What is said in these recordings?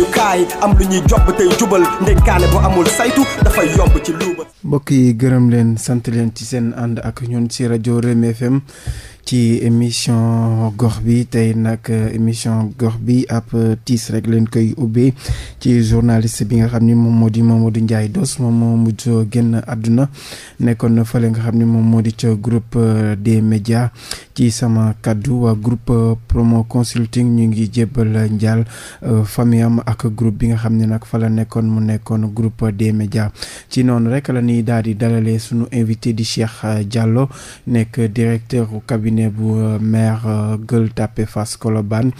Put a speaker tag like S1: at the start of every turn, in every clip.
S1: yukaay am lu ñuy job tey jubal ndénkaane bu amul saytu dafay yomb ci luuba mbokk yi gërëm leen sant leen ci seen ànd ak ñun ci rajo Rewmi FM ci émission gox bi tey nag euh, émission gox bi ab euh, tiis rek leen koy ubbi ci journaliste bi nga xam ni moom moo di Mamadou Ndiaye Doss moom moo mujj génn àdduna nekkoon na fële nga xam ni moom moo di ca groupe euh, de médias ci sama kaddu waa groupe promo consulting ñu ngi jébbal njaal famille am ak groupe bi nga xam ne nag fa la nekkoon mu nekkoon groupe des médias ci noonu rek la ñuy daal di dalalee sunu invité di Cheikh Diallo nekk directeur cabinet cabinet bu euh, maire euh, Gueule fas Fass Colobane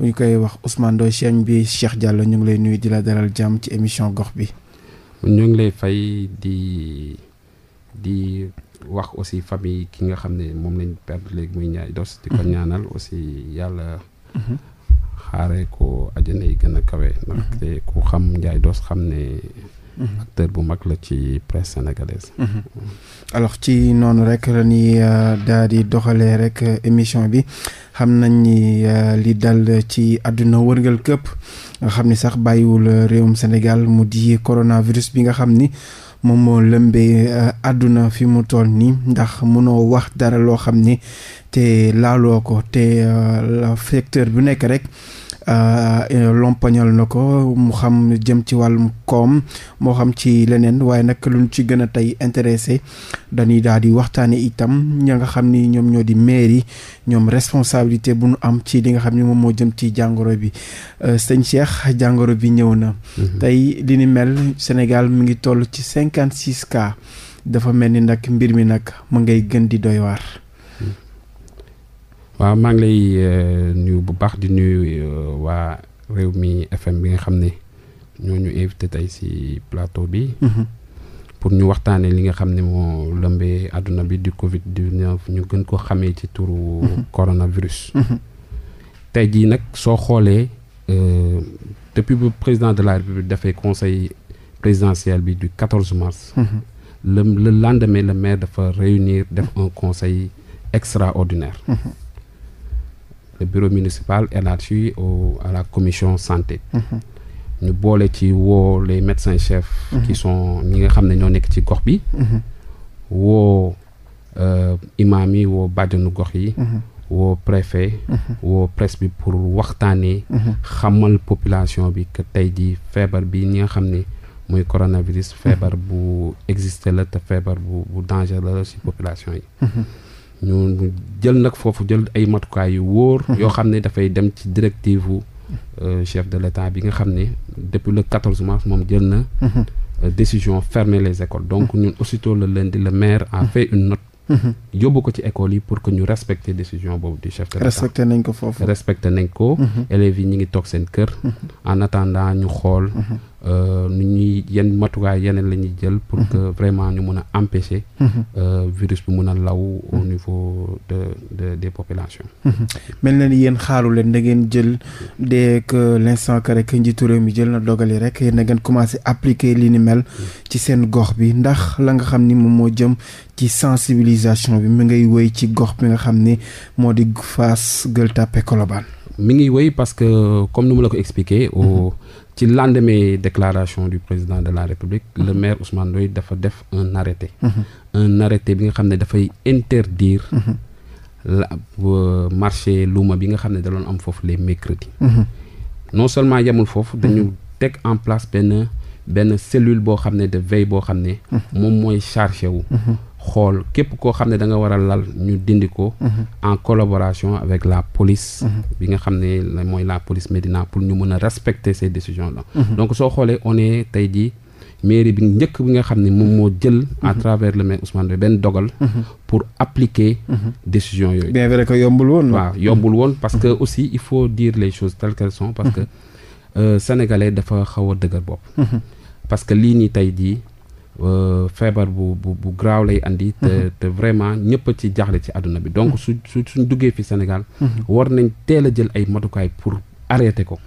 S1: ñu koy wax Ousmane Ndoye Diagne bi Cheikh Diallo ñu ngi lay nuyu di la dalal jàmm ci émission gox bi. ñu
S2: ngi lay fay di di wax aussi famille ki nga xam ne moom lañ perdre léegi muy ñaay dos. di ko mhm. ñaanal aussi yàlla. Mhm. xaaree ko ajana yi gën a kawe. Mhm. ndaxte ku xam njaay dos xam ne. Mm-hmm. acteur bu mag la ci presse sénégalaise.
S1: Mm-hmm. Mm-hmm. alors ci noonu rek la ñuy euh, daal di doxalee rek euh, émission bi xam nañ ni euh, li dal ci àdduna wërngal këpp nga xam ni sax bàyyiwul réewum Sénégal mu di coronavirus bi nga xam ni. moom moo lëmbee àdduna fi mu tool nii ndax mënoo wax dara loo xam ni te laaloo ko te secteur bu nekk rek Euh, euh, lompañal na ko mu xam jëm ci wàllum koom moo xam ci leneen waaye nag luñ ci gën a tey intéressé dañuy daal di waxtaane itam ña nga xam ni ñoom ñoo di maire yi ñoom responsabilité bu nu am ci li nga xam ni moom moo jëm ci jàngoro bi euh, sëñ Cheikh jàngoro bi ñëw na mhm. tey li ni mel Sénégal mu ngi toll ci cinquante six cas dafa mel ni nag mbir mi nag mu ngay gën di doy waar
S2: waaw maa ngi lay euh, nuyu bu baax di nuyu euh, waa réew mi FM bi nga xam ne ñoo ñu invité tey si plateau bi. Mm-hmm. pour ñu waxtaanee li nga xam ne moo lëmbee àdduna bi du Covid 19 ñu gën ko xamee ci turu. Mm-hmm. coronavirus. Mm-hmm. tey jii nag soo xoolee euh, depuis bu président de la République dafay conseil présidentiel bi du 14 mars. le le lendemain le maire dafa réunir def un conseil extraordinaire. le bureau municipal élargi au à la commission santé. Mhm. ñu boole ci woo le médecins chefs. Mhm. qui sont ñi nga xam ne ñoo nekk ci gox bi. Mhm. woo euh, imaam yi woo bàjjanu gox yi. woo préfet. woo presse bi pour waxtaanee. xamal population bi que tey di feebar bi ñi nga xam ne mooy coronavirus. feebar bu existé la te feebar bu bu danger la ci population yi. ñu jël nag foofu jël ay matukaay yu wóor. Mhm. yoo xam ne dafay dem ci directive u euh, chef de l'État bi nga xam ne depuis le 14 mars moom jël na. Mhm. Euh, décision fermer les écoles. donc mhm. ñun aussitôt leen di le maire a fait une note. yóbbu ko ci école yi pour que ñu respecter décision boobu du chef de l'État respecté nañ ko foofu. respecté nañ ko. élèves yi ñu ngi toog seen kër. en attendant ñu xool. Euh, nu ñuy yenn matuwaay yeneen la ñuy jël pour mhm. que vraiment ñu mën a empêcher mhm. euh, virus bi mun a law au mhm. niveau de de des populations
S1: mel na ni yéen xaaru leen da ngeen jël dès que l'instant que rek njiitu réew mi jël na dogal yi rek yéen ngeen commencé appliquer li ni mel ci seen gox bi ndax la nga xam ni moom moo jëm ci sensibilisation bi mi ngay wéy ci gox bi nga xam ni moo di Fass Gueule Tapée Colobane
S2: mi ngi wéy parce que comme ni ma la ko expliqué ci lendemain déclaration du président de la république le mhm. maire Ousmane Ndoye dafa def un arrêté mhm. un arrêté bi nga xam ne dafay interdire mhm. la euh, marché luuma bi nga xam ne da am foofu les mercredis non seulement yemul foofu dañu teg en place benn benn cellule boo xam ne de veille boo xam ne moom mooy chargé wu xool képp koo xam ne danga nga war a lal ñu dindi ko. Mhm. en collaboration avec la police. Mhm. bi nga xam ne mooy la police Médina pour ñu mën a respecter ces décisions la mhm. donc soo xoolee on est tey jii mairie bi njëkk bi nga xam ne moom moo jël. à travers le maire Ousmane benn dogal. pour appliquer. décision yooyu. bien
S1: vrai que yombul
S2: woon. waaw yombul woon parce que aussi il faut dire les choses telles qu'elles sont parce que euh, sénégalais dafa xaw a dëgër bopp. parce que lii nii tey jii Euh, feebar bu bu bu graaw lay andi. te mhm. te vraiment ñëpp ci jaaxle ci àdduna bi. donc mhm. su su suñ duggee fi Sénégal. Mhm. war nañ teel a jël ay matukaay pour arrêter ko.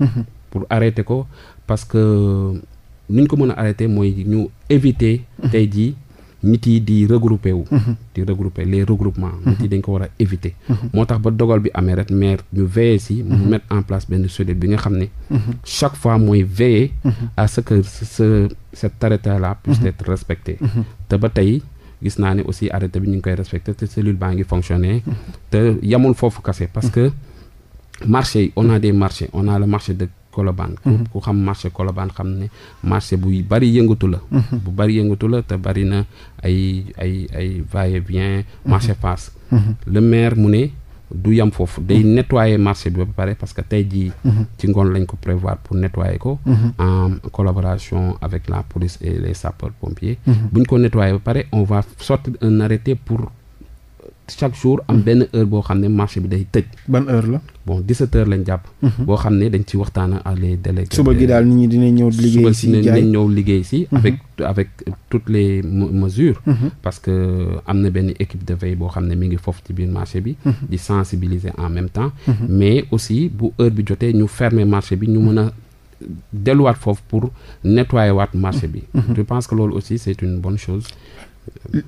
S2: pour arrêter ko parce que euh, nuñ ko mën a arrêter mooy ñu éviter. tey jii. nit yi di regrouper wu. Mhm. di regrouper les regroupements. Mhm. nit yi dañ ko war a éviter. Mhm. moo tax ba dogal bi amee rek maire ñu veiller si. mu mettre en place benn cellule bi nga xam ne. chaque fois mooy veiller. à ce que ce cet arrêté là respecté. te ba tey gis naa ne aussi arrêté bi ñu ngi koy respecté te cellule baa ngi fonctionner. te yamul foofu kase parce que marché yi on a marché marchés on a le marché de. Colobane mhm. ku xam marché Colobane xam ne marché bu bari yëngatu la mhm. bu bari yëngatu la te bari na ay ay ay va-et-vient mhm. marché passe le maire mu ne du yam foofu day nettoyer marché bi ba pare parce que tey jii ci ngoon lañ ko prévoir pour nettoyer ko en collaboration avec la police et les sapeurs pompiers buñ ko nettoyer ba pare on va sortir un arrêté pour chaque jour am mhm. benn heure boo xam ne marché bi day tëj. ban heure la. bon 17 heures lañ jàpp. Mhm. boo xam ne dañ ci waxtaan ak les délégués. suba gi daal nit ñi dinañ ñëw liggéey si suba dinañ ñëw liggéey si. Mhm. avec avec toutes les mesures. parce que euh, am na benn équipe de veille boo xam ne mi ngi foofu ci biir marché bi. di sensibiliser en même temps. mais aussi bu heure bi jotee ñu fermer marché bi ñu mën a. delluwaat foofu pour nettoyer waat marché bi. je pense que loolu aussi c'est une bonne chose.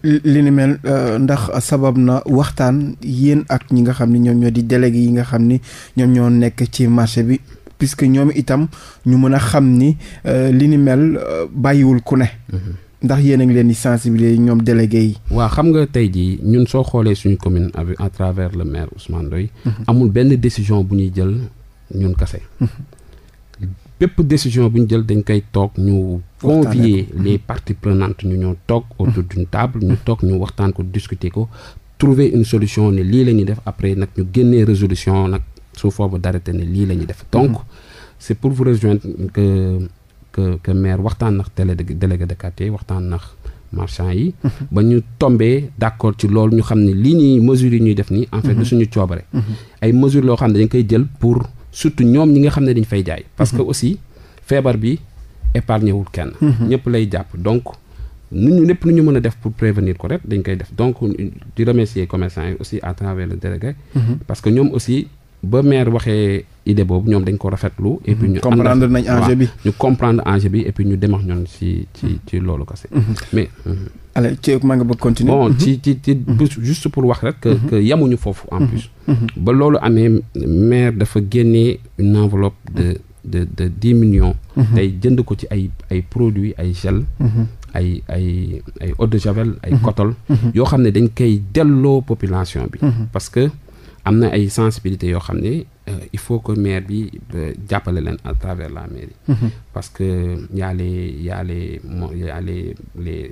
S1: li ni mel euh, ndax sabab na waxtaan yéen ak ñi nga xam ni ñoom ñoo di délégué yi nga xam ni ñoom ñoo nekk ci marché bi puisque ñoom itam ñu mën a xam ni euh, li ni mel euh, bàyyiwul ku ne. Mhm. ndax yéen a ngi leen di sensibiliser ñoom délégué yi.
S2: waa xam nga tey jii ñun soo xoolee suñu commune avec à travers le maire Ousmane Ndoye. Mhm. amul benn décision bu ñuy jël ñun kase. Mhm. bépp décision bu ñu jël dañ koy toog ñu convier mhm. les parties prenantes ñu ñoo toog autour table ñu toog ñu waxtaan ko discuter ko trouver une solution ne lii la ñuy def après nag ñu génnee résolution nag su foofu dara te ne lii la ñuy def mhm. donc c'est pour vous rejoindre que que que waxtaan nax délégué de quartier waxtaan nax marchand yi mhm. ba ñu tombee d'accord ci loolu ñu xam ne lii ñuy mesures yi ñuy def nii en fait suñu coobare ay mesures loo xam ne dañ koy jël pour surtout ñoom ñi nga xam ne dañ fay jaay. parce que mhm. aussi feebar bi épargné wul kenn. Mhm. ñëpp lay jàpp donc nu ñu lépp nu ñu mën a def pour prévenir ko rek dañ koy def donc di remercier commerçant yi aussi à travers le délégué. Mhm. parce que ñoom aussi. ba maire waxee idée boobu ñoom dañ ko rafetlu. et puis ñu mhm. comprendre nañ enjeu bi ñu comprendre enjeu bi et puis ñu dem ak ñoom ci ci mhm. ci loolu kese. Mhm. mais. allez ci maa nga bëgg continuer. bon ci ci ci juste pour wax rek. yamuñu foofu en plus. ba loolu amee maire dafa génnee une enveloppe de de de dix millions. tey jënd ko ci ay ay produits ay gel. ay ay ay eau de javel ay kotol. yoo xam ne dañ koy delloo population bi. parce que. am na ay sensibilité yoo xam ne euh, il faut que maire bi euh, jàppale leen à travers la maire mm-hmm. parce que y a les y a les y a les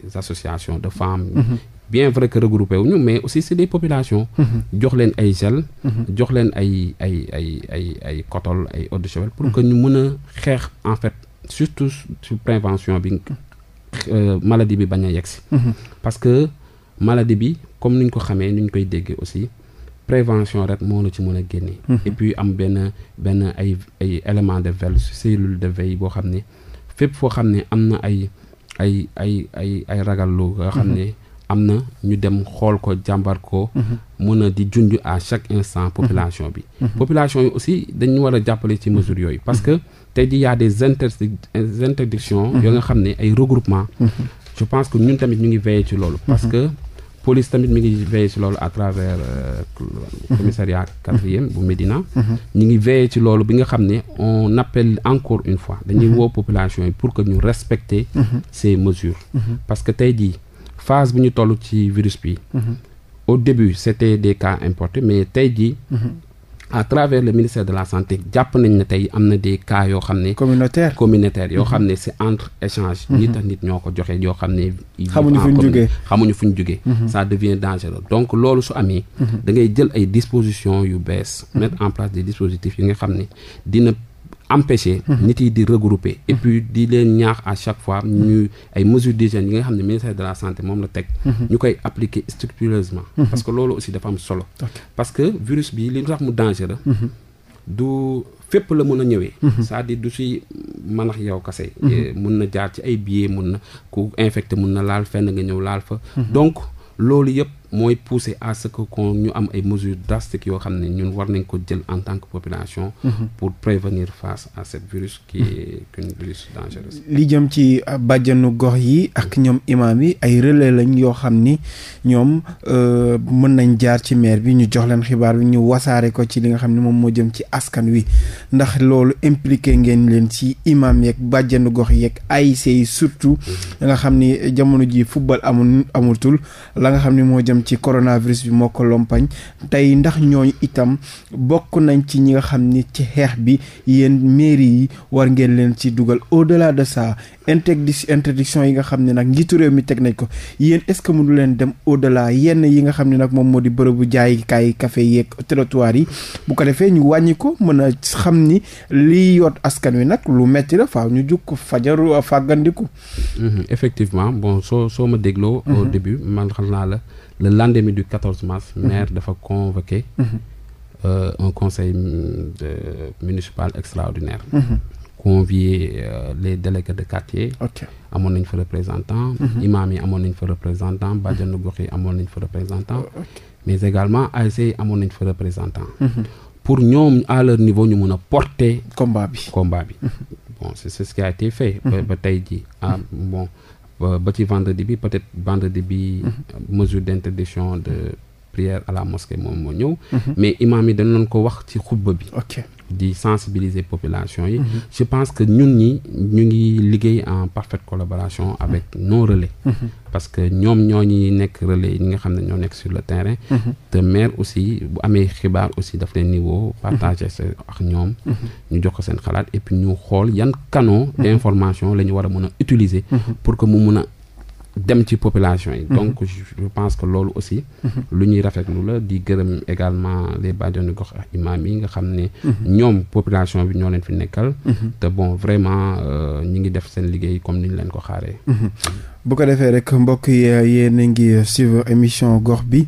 S2: de fem mm-hmm. bien vrai que regroupé wuñu mais aussi c'est des populations mm-hmm. jox leen ay gel jox leen ay ay ay ay ay kotol ay eau de javel pour que ñu mën a xeex en fait surtout su prévention bi euh, maladie bi bañ a yegsi parce que maladie bi comme niñ ko xamee niñ koy déggee aussi prévention rek moo na ci mën a génne. Mhm. et puis am benn benn ay ay élément de veille cellule de veille boo xam ne fépp foo xam ne am na ay ay ay ay ay ragallu nga xam mhm. ne am na ñu dem xool ko jàmbar ko mhm. mën a di junj à chaque instant population bi population yi aussi dañu war a jàppale ci mesures yooyu parce que tey di y a des inter interdictions yoo nga xam ne ay regroupement je pense que ñun tamit ñu ngi veiller ci loolu police tamit mi ngi veillé ci loolu à travers euh, commissariat quatrième bu Médina mhm. ñi ngi veillé ci loolu bi nga xam ne on appelle encore une fois dañuy mhm. woo population yi pour que ñu respecter mhm. ces mesures parce que tey di phase bu ñu toll ci virus bi au début c'était des cas importés mais tey di à travers le ministère de la santé jàpp nañ ne tey am na des cas yoo xam ne. communautaire communautaire yoo mhm. xam ne c'est entre échange. Mhm. nit ak nit ñoo ko joxe yoo xam ne. xamuñu fu ñu jugee xamuñu fu ñu jugee. Mhm. ça devient dangereux donc loolu su amee. da ngay jël ay dispositions yu bees. mettre en place des dispositifs yi nga xam ne dina. empêcher mhm. nit yi di regrouper et mhm. puis di leen ñaax à chaque fois ñu ay mesures d'hygiène yi nga xam ne ministère de la santé moom la teg mhm. ñu koy appliquer structureusement parce que loolu aussi dafa am solo parce que virus bi li tax mu dangereux du fépp la mun a ñëwee c'est-à-dire du si manax yow kase mun na jaar ci ay billets mun na ku infecté mun na laal fenn nga ñëw laal fa donc loolu yëpp mooy pousser à ce que kon ñu am ay mesures drastiques yoo xam ne ñun war nañ ko jël en tan que population mhm. pour prévenir face à cette virus qui mhm. est une virus dangereuse
S1: li jëm ci euh, bàjjanu gox yi ak mhm. ñoom imaam yi ay relais lañ yoo xam ni ñoom euh, mën nañ jaar ci maire bi ñu jox leen xibaar bi ñu wasaare ko ci li nga xam ne moom moo jëm ci askan wi ndax loolu impliqué ngeen leen ci imaam yeeg bàjjanu gox yeeg AIC yi surtout nga xam ni jamono ji football amul amultul ci coronavirus bi moo ko lompañ tey ndax ñooñu itam bokk nañ ci ñi nga xam ni ci xeex bi yéen mairie yi war ngeen leen ci dugal au delà de ça interdi interdiction yi nga xam ne nag njiitu réew mi teg nañ ko yéen est ce que mënu leen dem au delà yenn yi nga xam ne nag moom moo di bërëbu jaaykaay kafe yeeg trottoir yi bu ko defee ñu wàññi ko mën a xam ni liy yoot askan wi nag lu metti la faaw ñu jukk fajaru fàggandiku
S2: mhm, effectivement bon soo soo ma dégloo au mhm. début xam naa la le lendemain du 14 mars mhm. maire dafa convoqué mhm. euh, un conseil de municipal extraordinaire mhm. convier euh, les délégués de quartier amoon nañ fa représentant imam yi amoon nañ fa représentant bajanu gox yi amoon nañ fa représentant oh, mais également ASC yi amoon nañ fa représentant pour ñoom à leur niveau ñu mun a porter combat bi combat bi bon c'est ce qui a été fait ba tey ji ah, bon ba ci vendredi bi peut-être vendredi bi. Mhm. mesure d'interdiction de mhm. prière à la mosquée moom moo ñëw. Mhm. mais imaam yi dañu doon ko wax ci xutba bi. di sensibiliser population yi. Mhm. je pense que ñun ñi ñu ngi liggéey en parfaite collaboration avec mhm. nos relais. Mhm. parce que ñoom ñoo ñi nekk relais ñi nga xam ne ñoo nekk sur le terrain. te maire aussi bu amee xibaar aussi daf leen niveau partager sa ak ñoom. ñu jox ko seen xalaat et puis ñu xool yan kano information la ñu war a mën a utiliser. pour que mu mun a dem ci population yi. Mhm. donc je pense que loolu aussi. Mhm. lu ñuy rafetlu la di gërëm également les bàjjenu gox ak imaam yi nga xam ne. Mhm. ñoom population bi ñoo leen fi nekkal. te bon vraiment euh, ñi ngi def seen liggéey comme ni leen ko xaaree.
S1: bu ko defee rek mbokk yi euh, yéen a ngi euh, suivre émission gox bi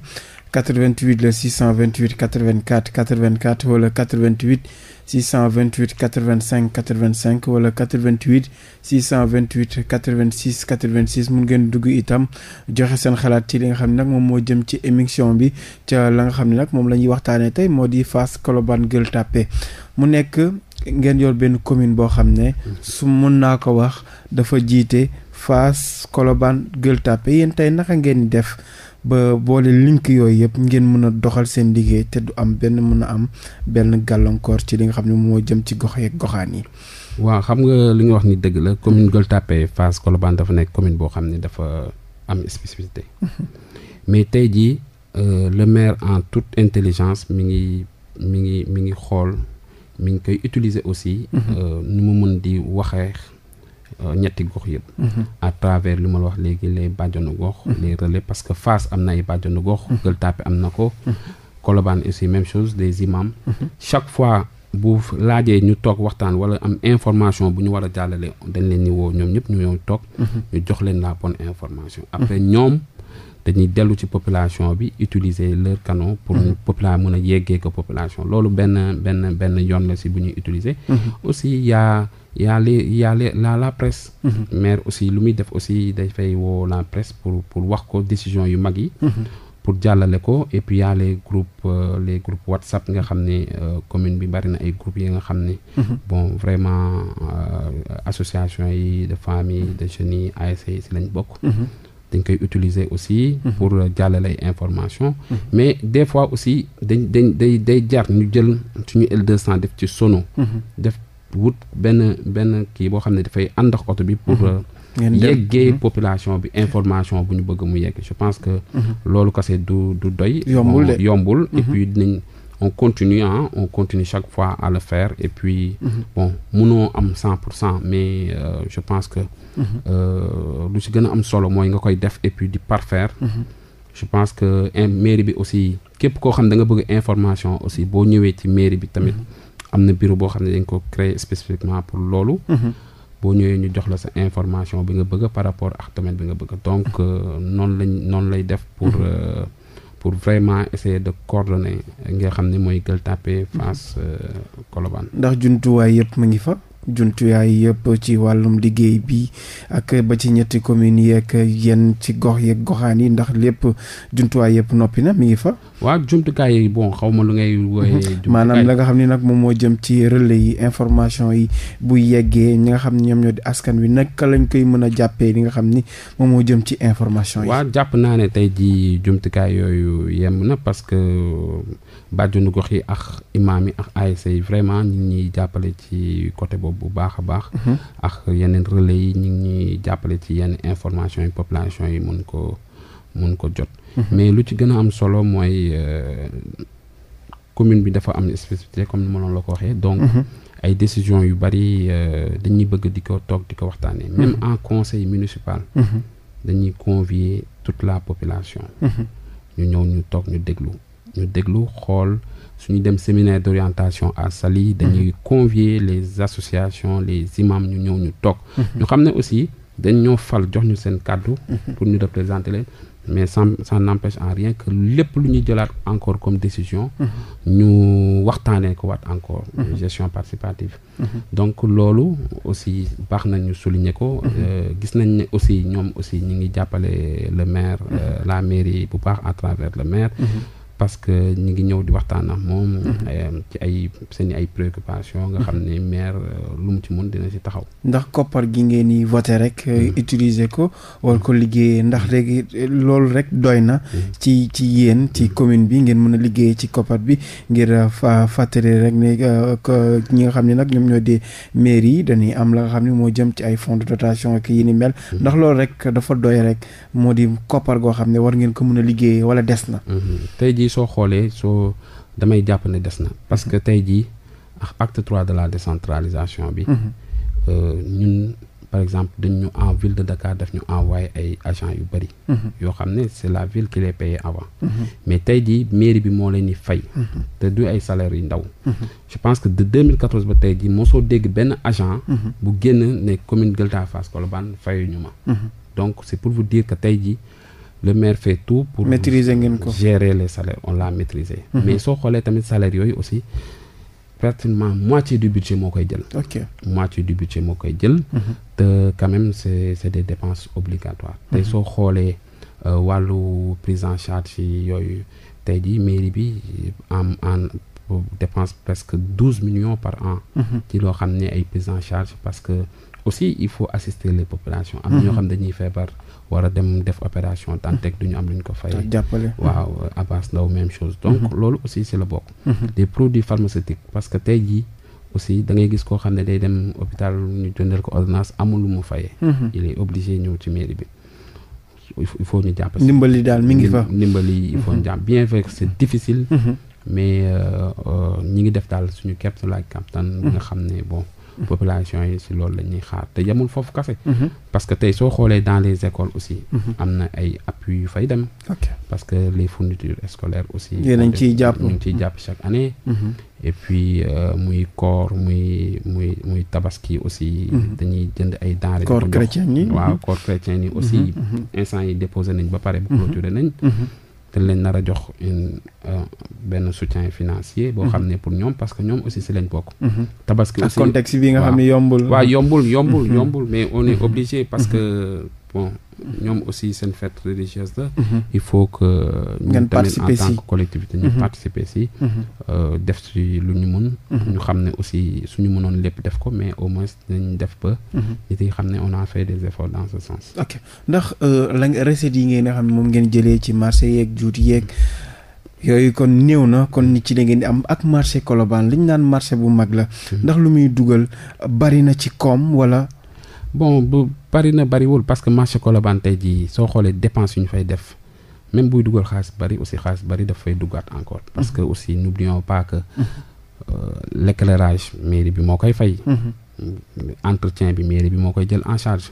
S1: 88 la 628 84 84 wala 88. vingt 628 85 85 wala 88 628 86 86 mun ngeen dugg itam joxe seen xalaat ci li nga xam ne nag moom moo jëm ci émission bi ca la nga xam ne nag moom la ñuy waxtaanee tey moo di Fass Colobane gël Tapée mu nekk ngeen yor benn commune boo xam ne su mun naa ko wax dafa jiite Fass Colobane Gueule Tapée yéen tey naka ngeen def. ba boole link yooyu yëpp ngeen mën a doxal seen liggéey te du am benn mën a am benn gàllankoor ci li nga xam ne moo jëm ci gox yeeg goxaan yi.
S2: waaw xam nga li nga wax ni dëgg la commune Gueule Tapée Fass Colobane dafa nekk commune boo xam ne dafa am spécificité mais tey jii euh, le maire en toute intelligence mi ngi mi ngi mi ngi xool mi ngi koy utiliser aussi. Mm-hmm. Euh, nu mu mën di waxee. Euh, ñetti gox yëpp. Mhm. à travers lu ma la wax léegi les bàjjanu gox. Mhm. les relais parce que Fass am na ay bàjjanu gox. Gueule mhm. Tapée am na ko. Colobane aussi même chose des imams. chaque fois bu laajee ñu toog waxtaan wala am information bu ñu war a jàllale dañ leen ni woo ñoom ñëpp ñu ñëw toog. ñu jox leen la bonne information. après ñoom. dañuy dellu ci population bi utiliser leur canon pour mm-hmm. popula mën a yeggee ko population loolu benn benn benn yoon la si bu ñuy utiliser mm-hmm. aussi yaa yaa les yaa les la la presse mm-hmm. maire aussi lu muy def aussi day fay woo la presse pour pour wax ko décision yu mag yi pour jàllale ko et puis y a les groupes euh, les groupes WhatsApp nga xam ne euh, commune bi bari na ay groupes yi nga xam ni bon vraiment euh, association yi de famille de jeunes yi ASC si lañ bokk dañ koy utiliser aussi. Mhm. pour jàllale ay information mhm. mais des fois aussi dañ dañ day day jar ñu jël suñu L200 def ci sono. Mhm. def wut benn benn kii boo xam ne dafay ànd ak oto bi pour. Euh, yeggee population bi information bu ñu bëgg mu yegg je pense que loolu kase du du doy yombul yombul et puis dinañ on continue ah on continue chaque fois à le faire et puis bon mënoo am cent pour cent mais euh, je pense que Euh, lu ci gën a am solo mooy nga koy def et puis di parfaire. Mhm. je pense que mairie bi aussi képp koo xam da nga bëgg information aussi boo ñëwee ci mairie bi tamit mhm. am na bureau boo xam ne dañ ko créer spécifiquement pour loolu. Mhm. boo ñëwee ñu jox la sa information bi nga bëgg par rapport ak domaine bi nga bëgg donc euh, noonu lañ noonu lay def pour. Euh, pour vraiment essayer de coordonner nga xam ne mooy Gueule Tapée Fass Colobane.
S1: ndax jumtuwaay yëpp mu ngi fa. jumtuwaay yëpp ci wàllum liggéey bi ak ba ci ñetti communes yeeg yenn ci gox yeeg goxaan yi ndax lépp jumtuwaay yëpp noppi na mi ngi fa. waa jumtukaay yi bon xaw ma lu ngay wooyee. Mhm. maanaam la nga xam ne nag moom moo jëm ci relais yi information yi bu yeggee ñi nga xam ne ñoom ñoo di askan wi naka lañ koy mën a jàppee li nga xam ni moom moo jëm ci information yi. waaw
S2: jàpp naa ne tey jii jumtukaay yooyu yem na parce que bàjjenu gox yi ak imaam yi ak ASC yi vraiment ñu ngi jàppale ci côté boobu. bu baax a baax. Mhm. ak yeneen relais yi ñu ngi jàppale ci yenn information yi population yi mun ko mun ko jot. Mhm. mais lu ci gën a am solo mooy euh, commune bi dafa am spécificité comme ni ma la ko waxee. donc mhm. ay décision yu bari euh, dañuy bëgg di ko toog di ko waxtaanee. même en conseil municipal. dañuy convier toute la population. ñu ñëw ñu toog ñu déglu ñu déglu xool. suñu dem séminaire d' orientation à sali dañuy mhm. convier les associations les imams ñu ñëw ñu toog mhm. ñu xam ne aussi dañ ñoo fal jox ñu seen kàddu mhm. pour ñu représenter leen mais sans ça n'empêche en rien que lépp lu ñuy jëlaat encore comme décision ñu waxtaanee ko waat encore gestion participative donc loolu aussi baax nañu ñu souligner ko euh, gis nañ ne aussi ñoom aussi ñu ngi jàppale le maire euh, la mairie bu baax à travers le maire parce que ñu ngi ñëw di waxtaan a moom. Mhm. Eh, ci ay seen ay préoccupations nga mhm. xam ne maire euh, lu mu ci mun dina ci taxaw.
S1: ndax koppar gi ngeen di voté rek. Euh, mhm. utiliser ko war ko liggéeyee ndax léegi euh, loolu rek doy na. ci ci yéen ci commune bi ngeen mën a liggéeyee ci koppar bi ngir fa fàttali rek ne ñi nga xam ne nag ñoom ñoo di maire yi dañuy am la nga xam ne moo jëm ci ay fonds de dotation ak yi ni mel. ndax loolu rek dafa doy rek moo di koppar goo xam ne war ngeen ko mën a liggéeyee wala des na.
S2: soo xoolee soo damay jàpp ne des na parce que tey jii acte trois de la décentralisation bi mhm. euh, ñun par exemple dañ ñu en ville de Dakar daf ñu envoyé ay agent yu bëri mhm. yoo xam ne c'est la ville qui les payait avant mhm. mais tey jii mairie bi moo leen di fay te du ay salaires yu ndaw je pense que de deux 2014 ba tey jii mosoo dégg benn agent bu génn ne commune Gueule Tapée Fass Colobane ñu ma donc c'est pour vous dire que tey jii le maire fait tout pour maitriser ngeen ko gérer les salaires on l'a maitriser mm mais soo xoolee tamit salaire yooyu aussi pratiquement moitié du budget moo koy jël moitié du budget moo koy jël mhm. te quand même c'est c'est des dépenses obligatoires te mhm. soo xoolee euh, wàllu prise en charge yooyu tey jii mairie bi en en dépense presque douze millions par an mhm. ci loo xam ne ay prise en charge parce que aussi il faut assister les populations am ñoo xam ne dañuy feebar war a dem def opération Dantec du ñu am lu ñu ko fay ah, jàppale waaw Abass Ndao même chose donc mhm. loolu aussi si la bokk mhm. des produits pharmaceutiques parce que tey jii aussi da ngay gis koo xam ne day dem hôpital ñu jëndal ko ordonnance amul lu mu fayee mhm. il est obligé ñëw ci mairie bi il faut ñu jàpp ndimbali daal mi ngi fa ndimbali il faut ñu bien vrai c'est difficile mais euh, euh, ñi ngi def daal suñu képp laaj nga xam ne bon population yi si loolu la ñuy xaar te yemul foofu kafe mhm. parce que tey soo xoolee dans les écoles aussi mhm. am na ay appui yu fay dem parce que les fournitures scolaires aussi ñu nañ ciy jàpp chaque année mhm. et puis euh, muy koor muy muy muy tabaski aussi dañuy jënd ay denrées koor chrétien yi waaw koor chrétien yi aussi instant yi déposé nañ ba pare bu clôturé nañ dañ leen nar a jox euh, benn soutien financier boo mhm. xam ne pour ñoom parce que ñoom aussi si lañ bokk mhm. tabaski aussi bi nga xam ne yombul waaw yombul yombul mhm. yombul mais on est obligé parce que bon ñoom aussi seen fête religieuse la. Mhm. il faut que. ngeen participer si en tant que collectivité ñu mhm. participer si. Mhm. Euh, def si lu ñu mun. ñu xam ne aussi suñu mënoon lépp def ko mais au moins dinañ def ba. nit xam ne on a fait des efforts dans ce sens. ok
S1: ndax euh, la recettes yi ngeen xam ne moom ngeen jëlee ci marché yeeg juuti yeeg. yooyu kon néew na kon nit ci la ngeen di am ak marché Colobane li ñu naan marché bu mag la. Hmm. ndax lu muy dugal bari na ci koom wala.
S2: bari na bariwul parce que marché Colobane tey jii soo xoolee dépense yu ñu fay def même buy dugal xaalis bari aussi xaalis bari daf fay duggaat encore. parce que aussi n'oublions pas que euh, l'éclairage mairie bi moo koy fay. entretien bi mairie bi moo koy jël en charge.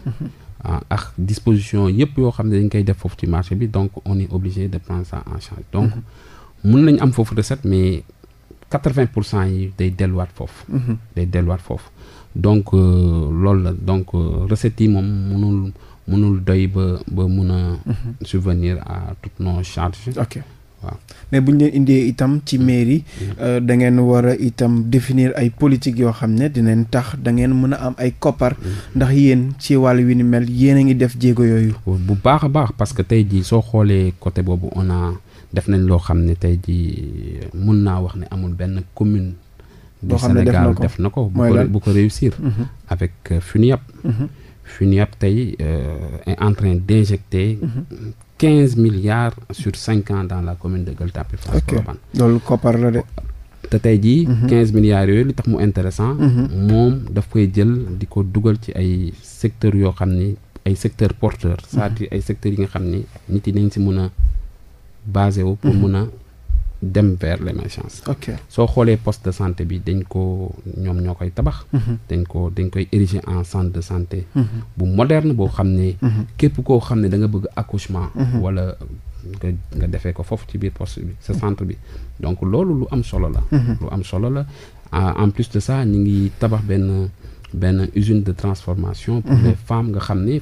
S2: Ah, ak disposition yëpp yoo xam ne dañ koy def foofu ci marché bi donc on est obligé de prendre ça en charge. donc mun nañ am foofu recette mais quatre-vingt pour cent yi day delluwaat foofu. Mhm. day delluwaat foofu. donc euh, loolu la donc euh, recettes yi moom mënul mënul doy ba ba mun a. Mhm. subvenir à toutes nos charges. ok
S1: waaw mais bu ñu leen indee itam ci mm. mairie. Mm. Euh, da ngeen war a itam définir ay politique yoo xam ne dinañ tax da ngeen mën a am ay koppar. Mm. ndax yéen ci wàll wi ni mel yéen a ngi def jéego yooyu. Oh,
S2: bu baax a baax parce que tey jii soo xoolee côté boobu on a def nañ loo xam ne tey jii mun naa wax ne amul benn commune. boo xam ne def na ko def na ko bu ko réussir mhm. avec FUNIAP euh, FUNIAP mhm. tey euh, est en train d'injecter mhm. quinze milliards sur cinq ans dans la commune de Gueule Tapée Fass Colobane
S1: loolu te tey jii
S2: quinze milliards yooyu li tax mu intéressant moom daf koy jël di ko dugal ci ay secteurs yoo xam ni ay secteurs porteurs cest à ay secteurs yi nga xam ni nit yi si mun a basé wu pour mun a dem vers l'émergence ok soo xoolee poste de santé bi dañ ko ñoom ñoo koy tabax mm-hmm. dañ ko dañ koy ériger en centre de santé mm-hmm. bu moderne boo xam ne mm-hmm. képp koo xam ne da nga bëgg accouchement wala nga nga defee ko foofu ci biir post bi sa centre bi donc loolu lu am solo la lu am solo la en plus de ça ñu ngi tabax benn benn usine de transformation pour les femmes nga xam ne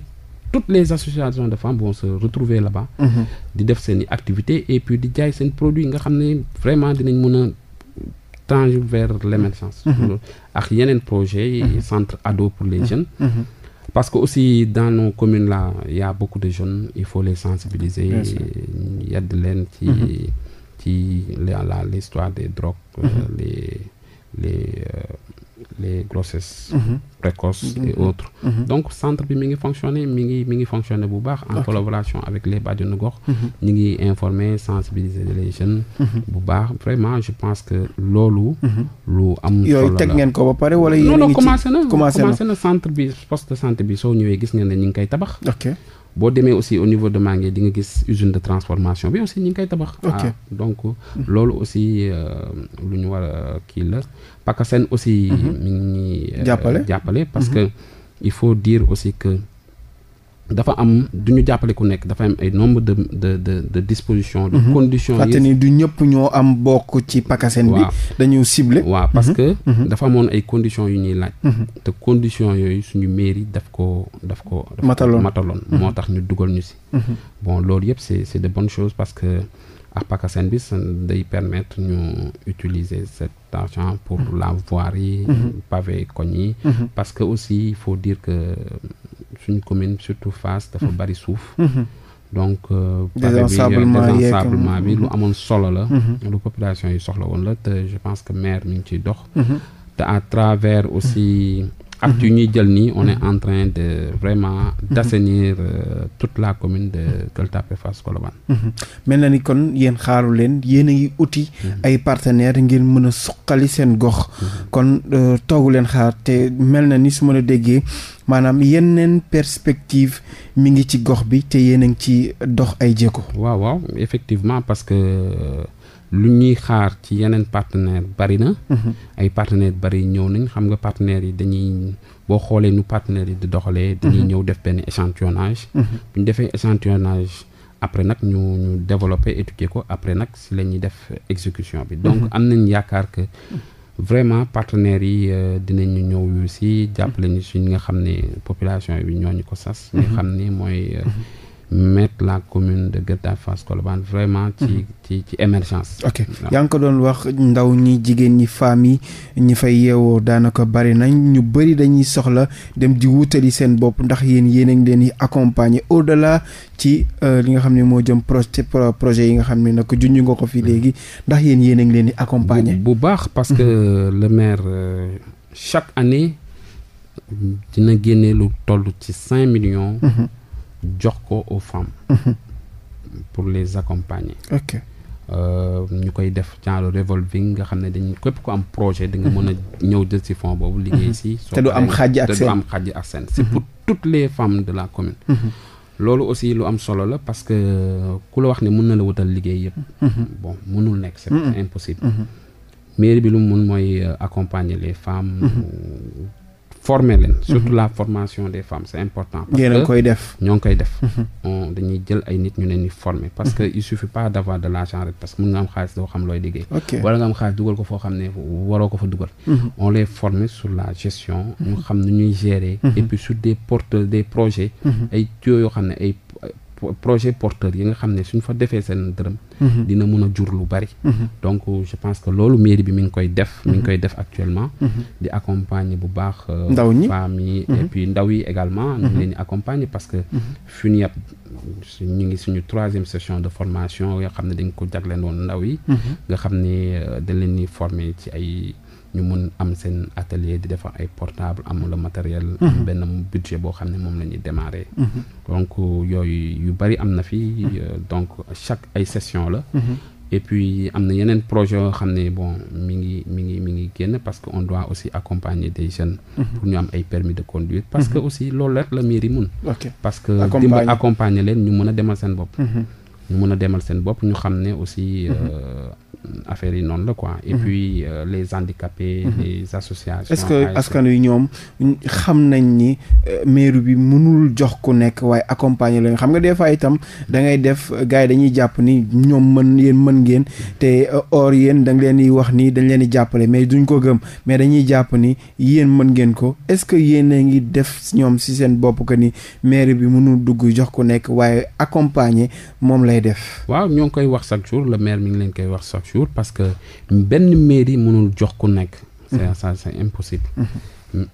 S2: toutes les associations de femmes vont se retrouver la bas mhm. di def seen activité et puis di jaay seen produit nga xam ne vraiment dinañ mën a tendre vers l'émergence mhm. ak yeneen projet mhm. centre ado pour les jeunes. parce que aussi dans nos communes là il y a beaucoup de jeunes il faut les sensibiliser yedd leen ci ci la l'histoire des drogues euh, les euh, les grossesses précoces et autres donc centre bi mi ngi fonctionner mi ngi mi ngi fonctionner bu baax en collaboration avec les bajenu gox ñi ngi informer sensibiliser les jeunes bu baax vraiment je pense que loolu lu am yooyu teg ngeen ko ba pare wala non non commencé na commencé na centre bi poste de santé bi soo ñëwee gis ngeen ne ñu ngi koy tabax boo demee aussi au niveau de Mangué di nga gis usine de transformation bi aussi ñu ngi koy tabax. Ah, donc mhm. loolu aussi euh, lu ñu war a kii la parce que seen aussi. Mhm. mi ngi euh, jàppale parce mhm. que il faut dire aussi que. dafa am du ñu jàppale ku nekk dafa am ay nombre de de de de dispositions. de mm -hmm. conditions yi
S1: du ñëpp ñoo am bokk ci pakaseen bi. dañu ciblé.
S2: waaw parce mhm. que. Mhm. dafa amoon ay conditions yu ñuy laaj. Mhm. te conditions yooyu suñu mairie daf ko daf ko. mataloon mataloon moo tax ñu dugal ñu si. bon loolu yëpp c'est c'est de bonnes choses parce que. ak PACASEN bi day permettre ñu utiliser cet argent pour mmh. la voirie. yi mhm. pavé koñ yi. Mhm. parce que aussi il faut dire que euh, suñ commune surtout Fass dafa mhm. bari suuf. donc euh, euh, désensablement bi lu amoon solo la lu population yi soxla woon la te je pense que maire mi ngi ciy dox te à travers aussi actes mhm. yu ñuy jël nii on est mhm. en train de vraiment mhm. d'assainir euh, toute la commune de Gueule Tapée Fass Colobane
S1: mel na ni kon yéen xaaru leen yéen a ngi uti ay partenaires ngir mën a suqali seen gox kon euh, toogu leen xaar te mel na ni su ma la déggee maanaam neen perspective mi ngi ci gox bi te yéen a ngi ci dox ay jéego waaw waaw
S2: effectivement parce que euh, lu ñuy xaar ci yeneen partenaire bari na. Mhm. ay partenaires bari ñëw nañ xam nga partenaires yi dañuy boo xoolee ñu partenaires yi di doxalee. dañuy mhm. ñëw def benn échantillonnage. Mhm. bu ñu defee échantillonnage après nag ñu ñu développer étudier ko après nag si la ñuy def exécution bi. donc am nañ yaakaar que. vraiment partenaires yi euh, dinañu ñëw yu si jàppale lañu si ñi nga xam ne population bi ñu ko sas. ñu xam ne mooy. Euh, mettre la commune de Guet Tapes Fass Colobane vraiment ci mhm. ci ci émergence ok
S1: yaa ngi ko doon wax ndaw ñi jigéen ñi femmes yi ñi fay yeewoo daanaka bari nañ ñu bari dañuy soxla dem di wutali seen bopp ndax yéen yéen a ngi leen di accompagner au delà ci euh, li nga xam ne moo jëm projet yi nga xam ne nag junj nga ko fi mhm. léegi ndax yéen yéen a ngi leen di accompagner bu baax parce
S2: que mhm. le maire euh, chaque année dina génne lu toll ci cinq millions jox ko aux femmes. Mhm. pour les accompagner. Euh, ñu koy def genre revolving nga xam ne dañ képp ko am projet di nga mhm. mën a ñëw jël si fond boobu liggéey si. Mhm. te du am xàjj ak seen am xàjj ak seen. c'est pour toutes les femmes de la commune. loolu aussi lu am solo la parce que ku la wax ni mun na la wutal liggéey yëpp. bon nekk c'est impossible. mairie bi lu mu mun mooy euh, accompagner les femmes. former leen. Mhm. surtout la formation des femmes c' est important. parce que koy def ñoo mhm. euh, mhm. pas d' avoir de l' argent parce que mën nga am xaalis doo xam looy liggéey. wala nga am xaalis dugal ko foo xam ne waroo ko fa dugal. on les forme sur la gestion. ñu xam nu ñuy et puis sur des porteurs des projets. ay tuyaux yoo xam ne ay. projet porteur yi nga xam ne suñ fa defee seen dërëm mhm. dina mun a jur lu bari mhm. donc je pense que loolu mairie bi mu ngi koy def mi ngi mhm. koy def actuellement di accompagner bu baax euh, ndaw ñi femmes yi ndaw yi également ñu leen di accompagner parce que FUNIAP ñu ngi suñu troisième session de formation yoo xam ne dañ ko jagleen woon ndaw yi nga xam ne euh, dañ leen di ci ay ñu mun am seen atelier di defar ay portable am le matériel. am mhm. benn budget boo xam ne moom la ñuy démarrer. Mhm. donc euh, yooyu yu bari am na fi. Mhm. Euh, donc chaque ay session la. et puis am na yeneen projet yoo xam ne bon mi ngi mi ngi mu ngi génn parce que on doit aussi accompagner des jeunes pour ñu am ay permis de conduire parce que aussi loolu rek la mairie mun parce que dimba accompagner leen ñu mun a demal seen bopp ñu mën a demal seen bopp ñu xam ne aussi mhm. euh, affaire yi noonu la quoi et mhm. puis euh, les handicapés mhm. les associations est-ce que askan
S1: wi ñoom xam nañ ni euh, mairie bi mënul jox ku nekk waaye accompagner lañu xam nga des fois itam da ngay def gars dañuy jàpp ni ñoom mën yéen mën ngeen te or yéen da nga leen di wax ni dañ leen di jàppale mais duñ ko gëm mais dañuy jàpp ni yéen mën ngeen ko est-ce que yéen ngi def ñoom si seen bopp que ni mairie bi mënul dugg jox ku nekk waaye accompagner moom lay ngay def.
S2: waaw ñoo ngi koy wax chaque jour le maire mi ngi leen koy wax chaque jour parce que benn mairie mënul jox ku nekk. c'est mhm. ça c'est impossible. Mhm. Mm.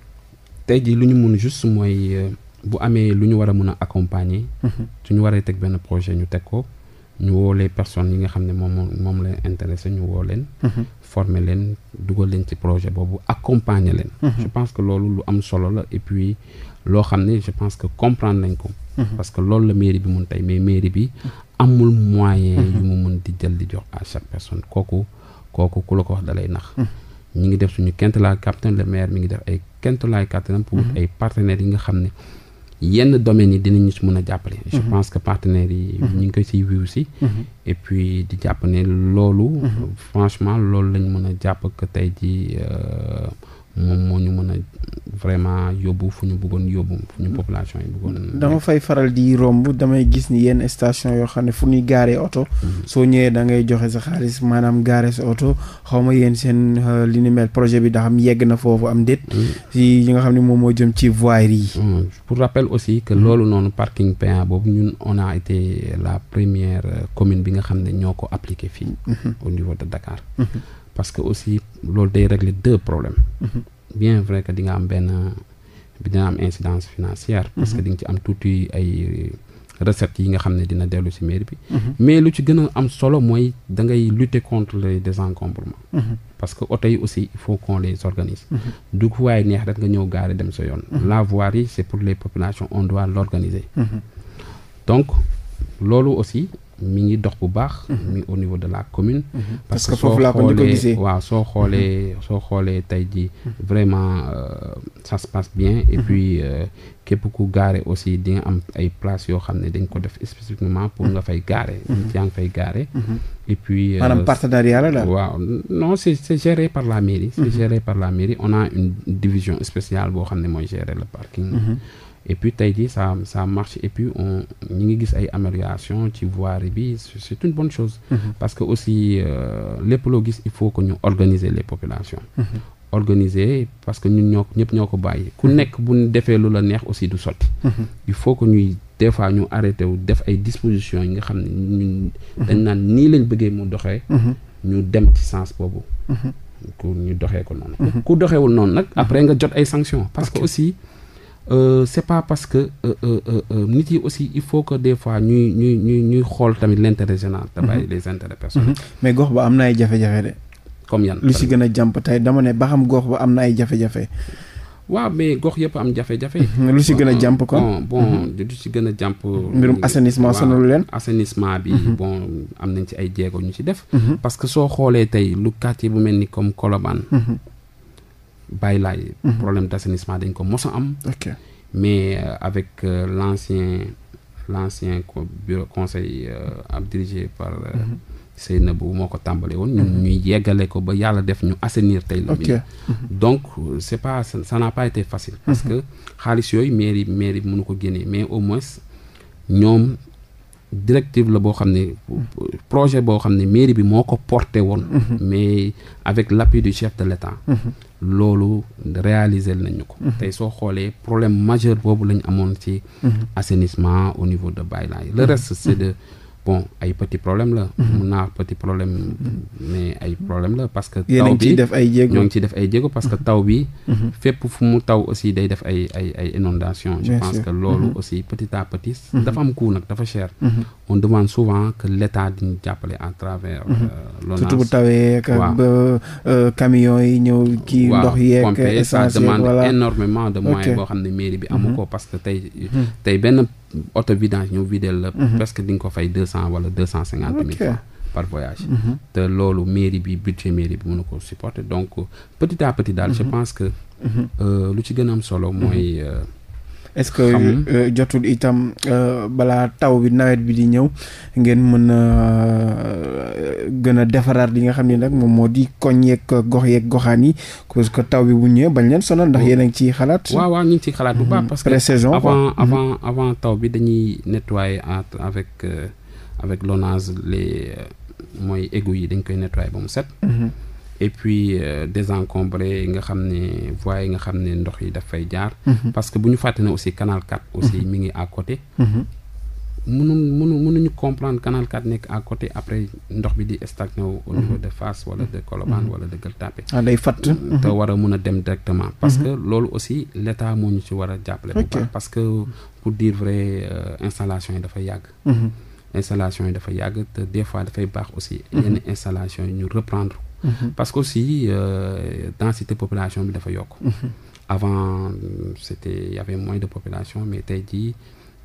S2: tey jii lu ñu mun juste mooy euh, bu amee lu ñu war a mun a accompagner. Mhm. su ñu waree teg benn projet ñu teg ko ñu woo les yi nga xam ne moom moom la intéressé ñu woo leen. former leen dugal leen ci projet boobu accompagner leen. je pense que loolu lu am solo la et puis loo xam ne je pense que comprendre nañ ko. parce que loolu la mairie bi mun tey mais mairie bi amul moyen yu mu mën di jël di jox à chaque personne kooku kooku ku la ko wax dalay nax hmm. ñi ngi def suñu kentalaay kàttan le maire mi ngi def ay kentalaay kàttanam pour hmm. ay partenaires yi nga xam ne yenn domaines yi dinañu si mën a jàppale je hmm. pense que partenaires yi ñu ngi koy siy wiw si et puis di jàpp ne loolu franchement loolu lañ mën a jàpp que tey ji euh, moom moo ñu mën a vraiment yóbbu fu ñu buggoon yóbbu fu ñu hmm. population yi bëggoon.
S1: dama fay faral di romb damay gis ni yenn station yoo xam ne fu ñuy gaaree oto. Hmm. soo ñëwee da ngay joxe sa xaalis maanaam gaare sa oto xaw ma yéen seen euh, li ni mel projet bi daxam yegg na foofu am déet. Hmm. si yi nga xam ne moom moo jëm ci voirie yi. pour
S2: rappel aussi que loolu noonu parking payant boobu ñun on a été la première euh, commune bi nga xam ne ñoo ko appliquer fii. au niveau de Dakar. parce que aussi loolu day régler deux problèmes mhm. bien vrai que di nga am benn dina am incidence financière parce que mhm. di nga ci am tuuti ay recettes yi nga xam ne dina dellu si mairie bi mhm. mais lu ci gën a am solo mooy da ngay lutter contre les désencombrements parce que oto yi aussi il faut qu'on les organise du waaye neex rek nga ñëw gaare dem sa yoon la voirie c'est pour les populations on doit l'organiser donc loolu aussi mi ngi dox bu baax. Mhm. mi au niveau de la commune. Mhm. parce que foofu laa ko njëkk a gisee waaw soo mhm. xoolee soo xoolee tey jii. vraiment euh, ça se passe bien. et puis euh, képp ku gaare aussi di nga am ay place yoo xam ne dañ ko def spécifiquement pour nga fay gaare. yaa ngi fay gaare. et puis euh, maanaam partenariat la daal. waaw non c' est c' par la mairie. c' est par la mairie on a une division spéciale boo xam ne mooy gérer la parking. et puis tey jii sa ça marche et puis on ñi ngi gis ay amélioration ci voirie bi c'est une bon chose mm-hmm. parce que aussi euh, lépp loo gis il faut que ñu organiser les populations mm-hmm. organiser parce que ñun ñoo ñëpp ñoo ko bàyyi ku mm-hmm. nekk bu defee lu la neex aussi du sotti il faut que ñuy des fois ñu arrêté wu def ay dispositions yi nga xam ne ñu dañ naan nii lañ bëggee mu doxee ñu dem ci sens boobu ku ñu doxee ko noonu ku doxeewul noonu nag après nga jot ay sanctions parce que Euh, c'est pas parce que euh, euh, euh, nit yi aussi il faut que des fois ñuy ñuy ñuy ñuy xool tamit l'intérêt général
S1: te bàyyi mhm. les intérêts personnels. Mhm. mais gox ba am na ay jafe-jafe de. comme yan lu si gën a jàmp tey dama ba xam gox ba am na ay jafe-jafe.
S2: mais gox yëpp am jafe lu si gën a jàmp kon bon lu mhm. si gën a jàmp. mbirum assainissement sonalu leen. assainissement bi bon am nañ ci ay jéego ñu ci def. parce que soo xoolee tey lu quartier bu mel ni comme Colobane. bàyyi laay mhm. problème d'assainissement dañ ko mos a am mais euh, avec euh, l'ancien l'ancien bureau conseil euh, ab dirigé par mhm. Seyna bu moo ko tàmbale woon mhm. ñun ñuy yeggale ko ba yàlla def ñu assainir tey la mi donc c'est pas ça n'a pas été facile parce que xaalis yooyu mairie bi munu ko génnee mais au moins ñoom directive la boo xam ne projet boo xam ne mairie bi moo ko porté woon mais avec l'appui du chef de l'État loolu réaliser nañu ko. Mhm. tey soo xoolee problème majeur boobu la ñu amoon ci. Mhm. assainissement au niveau de Bayelaye le mhm. reste c'est bon ay petit problème la. Mhm. mun naa petit problème mais ay problème la parce que. taw bi def ñoo ngi ciy def ay jéego parce que mhm. taw bi. Mhm. fépp fu mu taw aussi day def ay ay ay inondation je pense que loolu aussi petit à petit. dafa am coût nag dafa cher. on demande souvent que l' état di ñu jàppale à travers. Euh, l'ONAS tawee ak
S1: euh, yi ñëw. kii ndox yeeg essence voilà énormément de moyens boo xam ne mairie bi amu ko
S2: tey benn. auto vidange ñëw videl la. Mhm. presque di nga ko fay deux cent wala deux cent cinquante mille francs par voyage. Mhm. te loolu mairie bi budget mairie bi mën na ko supporter donc petit à daal. je mhm. pense que euh, lu ci gën am solo mooy. Euh, est-ce que euh,
S1: jotul itam euh, balaa taw bi nawet bi di ñëw ngeen mën a euh, gën a defaraat li nga xam ni nag moom moo di koñ yeeg gox yeeg goxaan yi parce que taw bi bu ñëwee bañ leen sonal ndax yéen a ngi ciy xalaat. waaw waaw ñu ngi
S2: xalaat bu baax. Mm-hmm. parce que pré-saison mm-hmm. avant avant taw bi dañuy nettoyer avec avec l'ONAS les mooy égouts yi dañ koy nettuwaay ba mu set. Mm-hmm. et puis euh, désencombré nga xam ne voies yi nga xam ne ndox yi dafay jaar mhm. parce que bu ñu fàtte ne aussi canal 4 aussi mhm. mi ngi à côté mhm. mu mënu mënuñu comprendre canal 4 nekk à côté après ndox bi di stagné wu au niveau de Fass wala de Colobane wala de Gueule Tapée ah te war a mun a dem directement parce que loolu aussi l' état moo ñu ci war a jàppale bu baax parce que pour dire vrai euh, installation yi dafa yàgg installation yi dafa yàgg te des fois dafay baax aussi yi ñu reprendre Mm-hmm. parce que aussi euh, densité population bi dafa yokk. Mm-hmm. avant c'était y avait moins de population mais te jii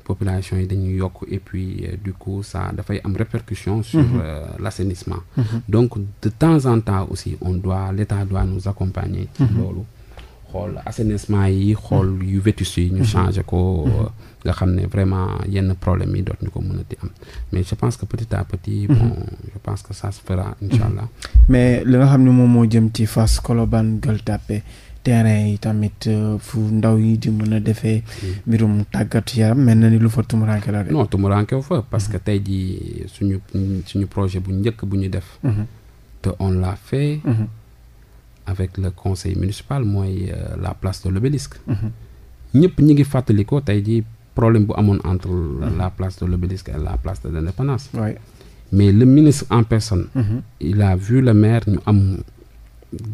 S2: population yi dañuy yokk et puis euh, du coup ça dafay am répercussion sur mm-hmm. euh, l'assainissement. donc de temps en temps aussi on doit l'État doit nous accompagner. ci loolu xool assainissement yi xool yu vétustes yi ñu changer ko. nga xam ne vraiment yenn problème yi dootuñu ko mën a di am mais je pense que petit à petit. Mhm. bon je pense que ça se fera incha allah. Mhm.
S1: mais li nga xam ne moom moo jëm ci Fass Colobane Gueule Tapée terrain yi tamit euh, fu ndaw yi di mën a defee. Mhm. mbirum tàggat yaram mel na ni lu fa tumuranke la de. non
S2: tumuranke fa parce que tey jii suñu suñu projet bu njëkk bu ñu def. te on l'a fait. avec le conseil municipal mooy euh, la place de l'obélisque. ñëpp ñi ngi fàttalikoo problème bu amoon entre mhm. la place de l'obélisque la place de l'indépendance ouais. mais le ministre en personne mm -hmm. il maire ñu am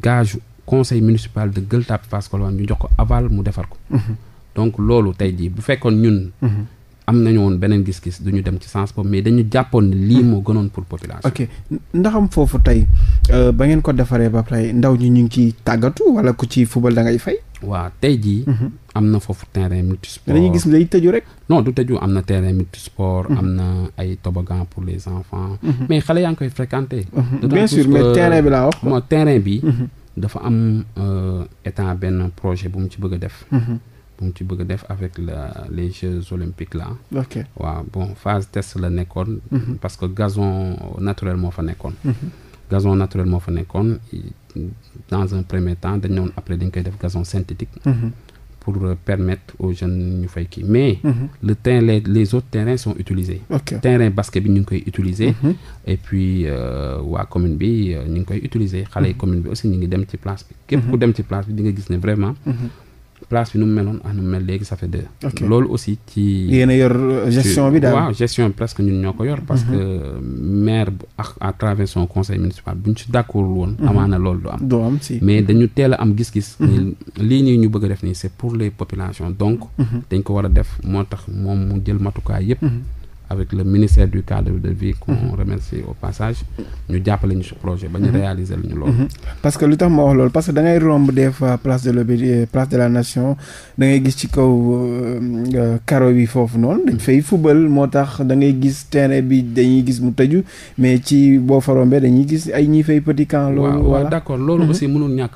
S2: gage conseil municipal de Gueule Tapée Fass ñu jox ko aval mu defar ko mhm. donc loolu tey jii bu fekkoon ñun mhm. am nañu woon beneen gis-gis du ñu dem ci sens boobu mais dañu jàppoon ne lii hmm. moo gënoon pour
S1: population. ok ndaxam foofu tey euh, ba ngeen ko defaree ba pare ndaw ñi ñu ngi ciy tàggatu wala ku ci fubal da ngay fay.
S2: waaw tey jii. Hmm. am na foofu terrain multisport dañuy gis lay tëju rek. non du tëju am na terrain multisport. Hmm. am na ay toboggan pour les enfants. mais xale yaa ngi koy fréquenter. bien sûr mais terrain bi laa wax. moo terrain bi. dafa am euh, état benn projet bu mu ci bëgg a def. bu mu ci bëgg a def avec les Jeux olympiques là ok waaw bon phase test la nekkoon mhm. parce que gazon naturel moo fa nekkoon mhm. gazon naturel moo fa nekkoon dans un premier temps dañ ñëwoon après dañ koy def gazon synthétique mhm. pour euh, permettre aux jeunes ñu fay kii mais le terrain les les autres terrains sont utilisés terrain basket bi ñu ngi koy utiliser et puis euh, waa commune bi euh, ñu ngi koy utiliser xale yi commune bi aussi ñu ngi dem ci place bi képp ku dem ci place place bi nu mu meloon ah nu mu mel léegi ça fait deux. loolu aussi ci. yéen a yor euh, gestion bi daal waaw gestion bi presque ñun ñoo ko yor. parce mhm. que maire ak à travers son conseil municipal bu ñu si d'accord woon. Mhm. amaana loolu du am. du si mais dañu teel am gis-gis. Mhm. lii nii ñu bëgg a def nii c'est pour les populations donc. dañ ko war a def moo tax moom mu jël matukaay yépp. avec le ministère du cadre de vie qu'on mm -hmm. remercie au passage ñu jàppale ñu si projet ba ñu mhm. réaliser lu ñu loolu mhm.
S1: parce lu tax ma wax loolu parce que romb des fois place de l'Obélisque euh, place de la nation da ngay gis ci kaw karo euh, euh, bi foofu noonu dañ fay fubal moo tax da ngay gis terrain bi dañuy gis mu tëju mais ci boo fa rombee dañuy gis ay ñi fay petit loolu waaw d'accord loolu mhm. aussi mënul
S2: ñàkk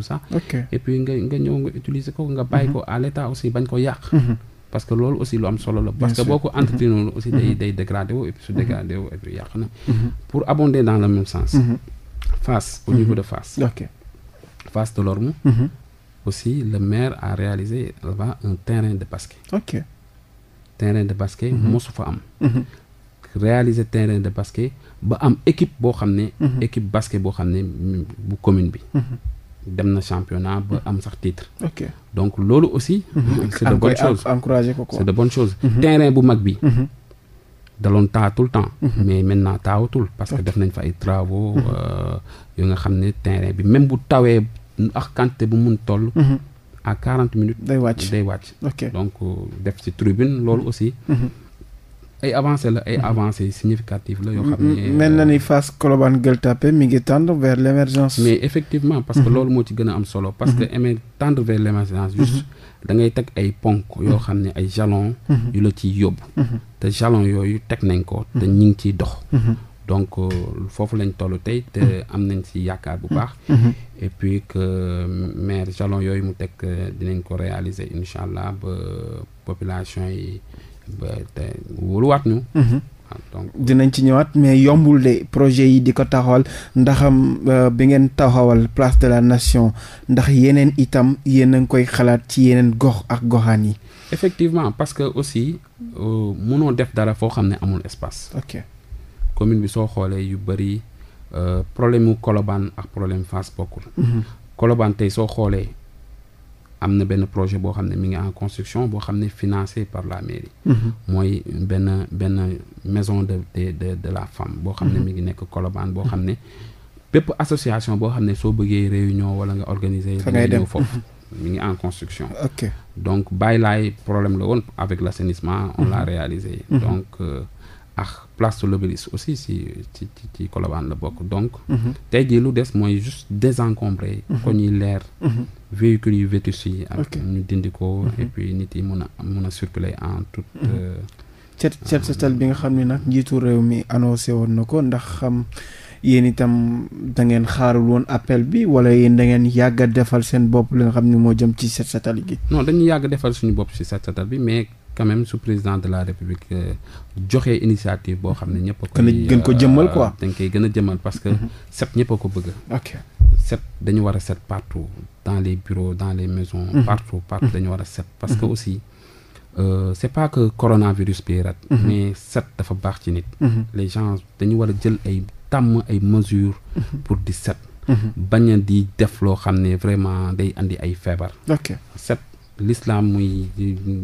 S2: tout ça okay. et puis nga nga ñëw nga utiliser ko nga bàyyi ko mm-hmm. à l'état aussi bañ ko yàq mm-hmm. parce que loolu aussi lu am solo la parce que boo ko mm-hmm. entretenir aussi day day dégradé su dégradé wu yàq na pour abonder dans le même sens face au face okay. face aussi le maire a réalisé là-bas un terrain de basket terrain de basket mosu fa am réaliser terrain de basket ba am équipe boo xam ne équipe basket boo xam ne bu commune bi dem na championnat ba mm. am sax titre. ok donc loolu aussi. Mm-hmm. c' est de bonne chose encouragé ko quoi c' est de bonne chose. Mm-hmm. terrain bu mag bi. Mm-hmm. daloon taa tout le temps. mais maintenant taawatul parce que def nañ fa ay travaux. Euh, yoo nga xam ne terrain bi même bu tawee ak quantité bu mun toll. à quarante minutes. day wàcc day wàcc. donc euh, def ci tribune loolu aussi. ay avancées la ay mhm. avancées significatives la yoo xam ne. mel
S1: na ni euh, Fass Colobane Gueule Tapée mi ngi tendre vers l' mais effectivement parce que mhm. loolu
S2: moo ci gën a am solo. parce que mhm. émer tendre vers l' émergence juste da ngay teg ay ponk yoo xam ne ay jalons. yu la ciy yóbbu. te jalons yooyu teg nañ ko. te ñu ngi ciy dox. donc euh, foofu lañ toll tey te am nañ si yaakaar bu baax. et puis que euh, maire jalon yooyu mu teg dinañ ko réaliser incha allah ba population yi. ba te wóoluwaat ñu. Mhm.
S1: Ah, donc dinañ ci ñëwaat mais yombul de projet yi di ko taxawal ndaxam euh, bi ngeen taxawal place de la nation ndax yeneen itam yéen a ngi koy xalaat ci yeneen gox ak goxaan yi.
S2: effectivement parce que aussi euh, mënoo def dara foo xam ne amul espace. ok commune bi soo xoolee yu bëri euh, problème mu Colobane ak problème fas bokkul. Mhm. Colobane tey soo xoolee am na benn projet boo xam ne mi ngi en construction boo xam ne financé par la mhm. mooy benn benn maison de de de la femme. boo xam ne mhm. mi ngi nekk Colobane boo xam ne bépp association boo xam ne soo bëggee réunion wala nga organiser. fa ngay dem foofu. Mhm. mi ngi en construction. ok donc bàyyi laay problème la woon avec l' assainissement. on l'a réalisé. donc. Euh, ak place de l'Obélisque aussi si ci ci ci Colobane la bokk donc mhm. tey jii lu des mooy juste désencombré mhm. ko ñuy leer mhm. véhicules yu vétus yi ak ñu dindi ko et nit yi mun a mun a circuler en toute
S1: euh, cet cet setal bi nga xam ni nag njiitu réew mi annoncé woon na ko ndax xam yéen itam da ngeen xaarul woon appel bi wala yéen da ngeen yàgg a defal seen bopp li nga xam ni moo jëm ci set setal gi
S2: non dañuy yàgg defal suñu bopp ci set setal bi quand su président de la république euh, joxe initiative boo xam ne ñëpp a koy gën ko jëmmal euh, quoi dañ koy gën a jëmmal parce que mhm. set ñëpp a ko bëgg ok set dañu war a set partout dans les bureaux dans les maisons mhm. partout partout mhm. dañu war a set parce que aussi Euh, c'est pas que coronavirus bi rat mm -hmm. mais set dafa baax ci nit les gens dañu war a jël ay tàmm ay mesures pour di set bañ a di def loo xam ne vraiment day andi ay feebar ok l'islam muy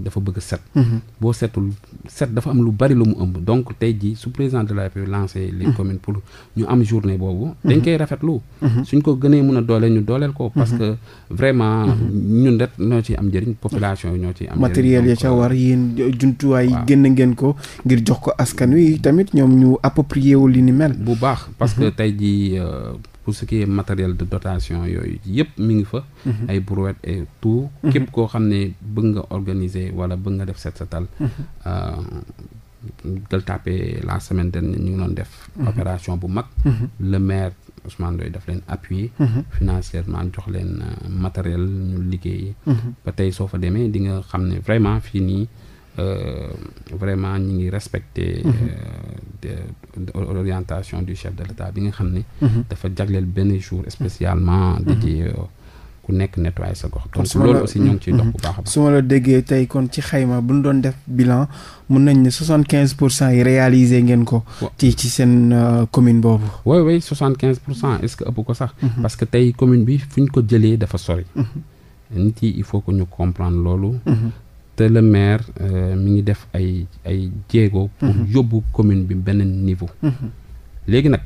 S2: dafa bëgg set mhm. boo setul set dafa am lu bari lu mu ëmb donc tey ji su président de la République lancé les mhm. communes pour ñu am journée boobu mhm. dañ koy rafetlu suñ ko gënee mun a dooleel ñu dooleel ko parce que vraiment ñun rek ñoo ci am njëriñ population yi ñoo ci am matériel ya ca war
S1: yéen jumtuwaay génn ngeen ko ngir jox ko askan wi tamit ñoom ñu approprié wu li ni mel bu baax parce que
S2: tey ji euh, pour ce qui est matériel de dotation yooyu yëpp mi ngi fa. Mhm. ay brouettes et tout. Mhm. képp koo xam ne bëgg nga organiser wala bëgg nga def set setal. Gueule mhm. Tapée la semaine dernière ñu ngi doon def. opération bu mag. le maire Ousmane Doye daf leen appuyer. financièrement jox leen euh, matériel ñu liggéey. ba tey soo fa demee di xam ne vraiment fii nii. Euh, vraiment ñi ngi respecter euh, l'orientation du chef de l'État bi nga xam ne mhm. dafa jagleel benn jour spécialement dédié mhm. euh, ku nekk nettoyer sa gox donc loolu aussi ñoo ngi ciy dox bu
S1: mhm. baax a la déggee tey kon ci xayma bu ñu doon def bilan mun nañ ne soixante quinze pour cent yi réaliser ngeen ko ci ci seen commune boobu
S2: oui oui soixante quinze pour cent est-ce que ëpp ko sax parce que tey commune bi fu ñu ko jëlee dafa sori nit yi il faut que ñu comprendre loolu te le maire euh, mi ngi def ay ay jéego. pour mhm. yóbbu commune bi benn niveau. Mhm. léegi nag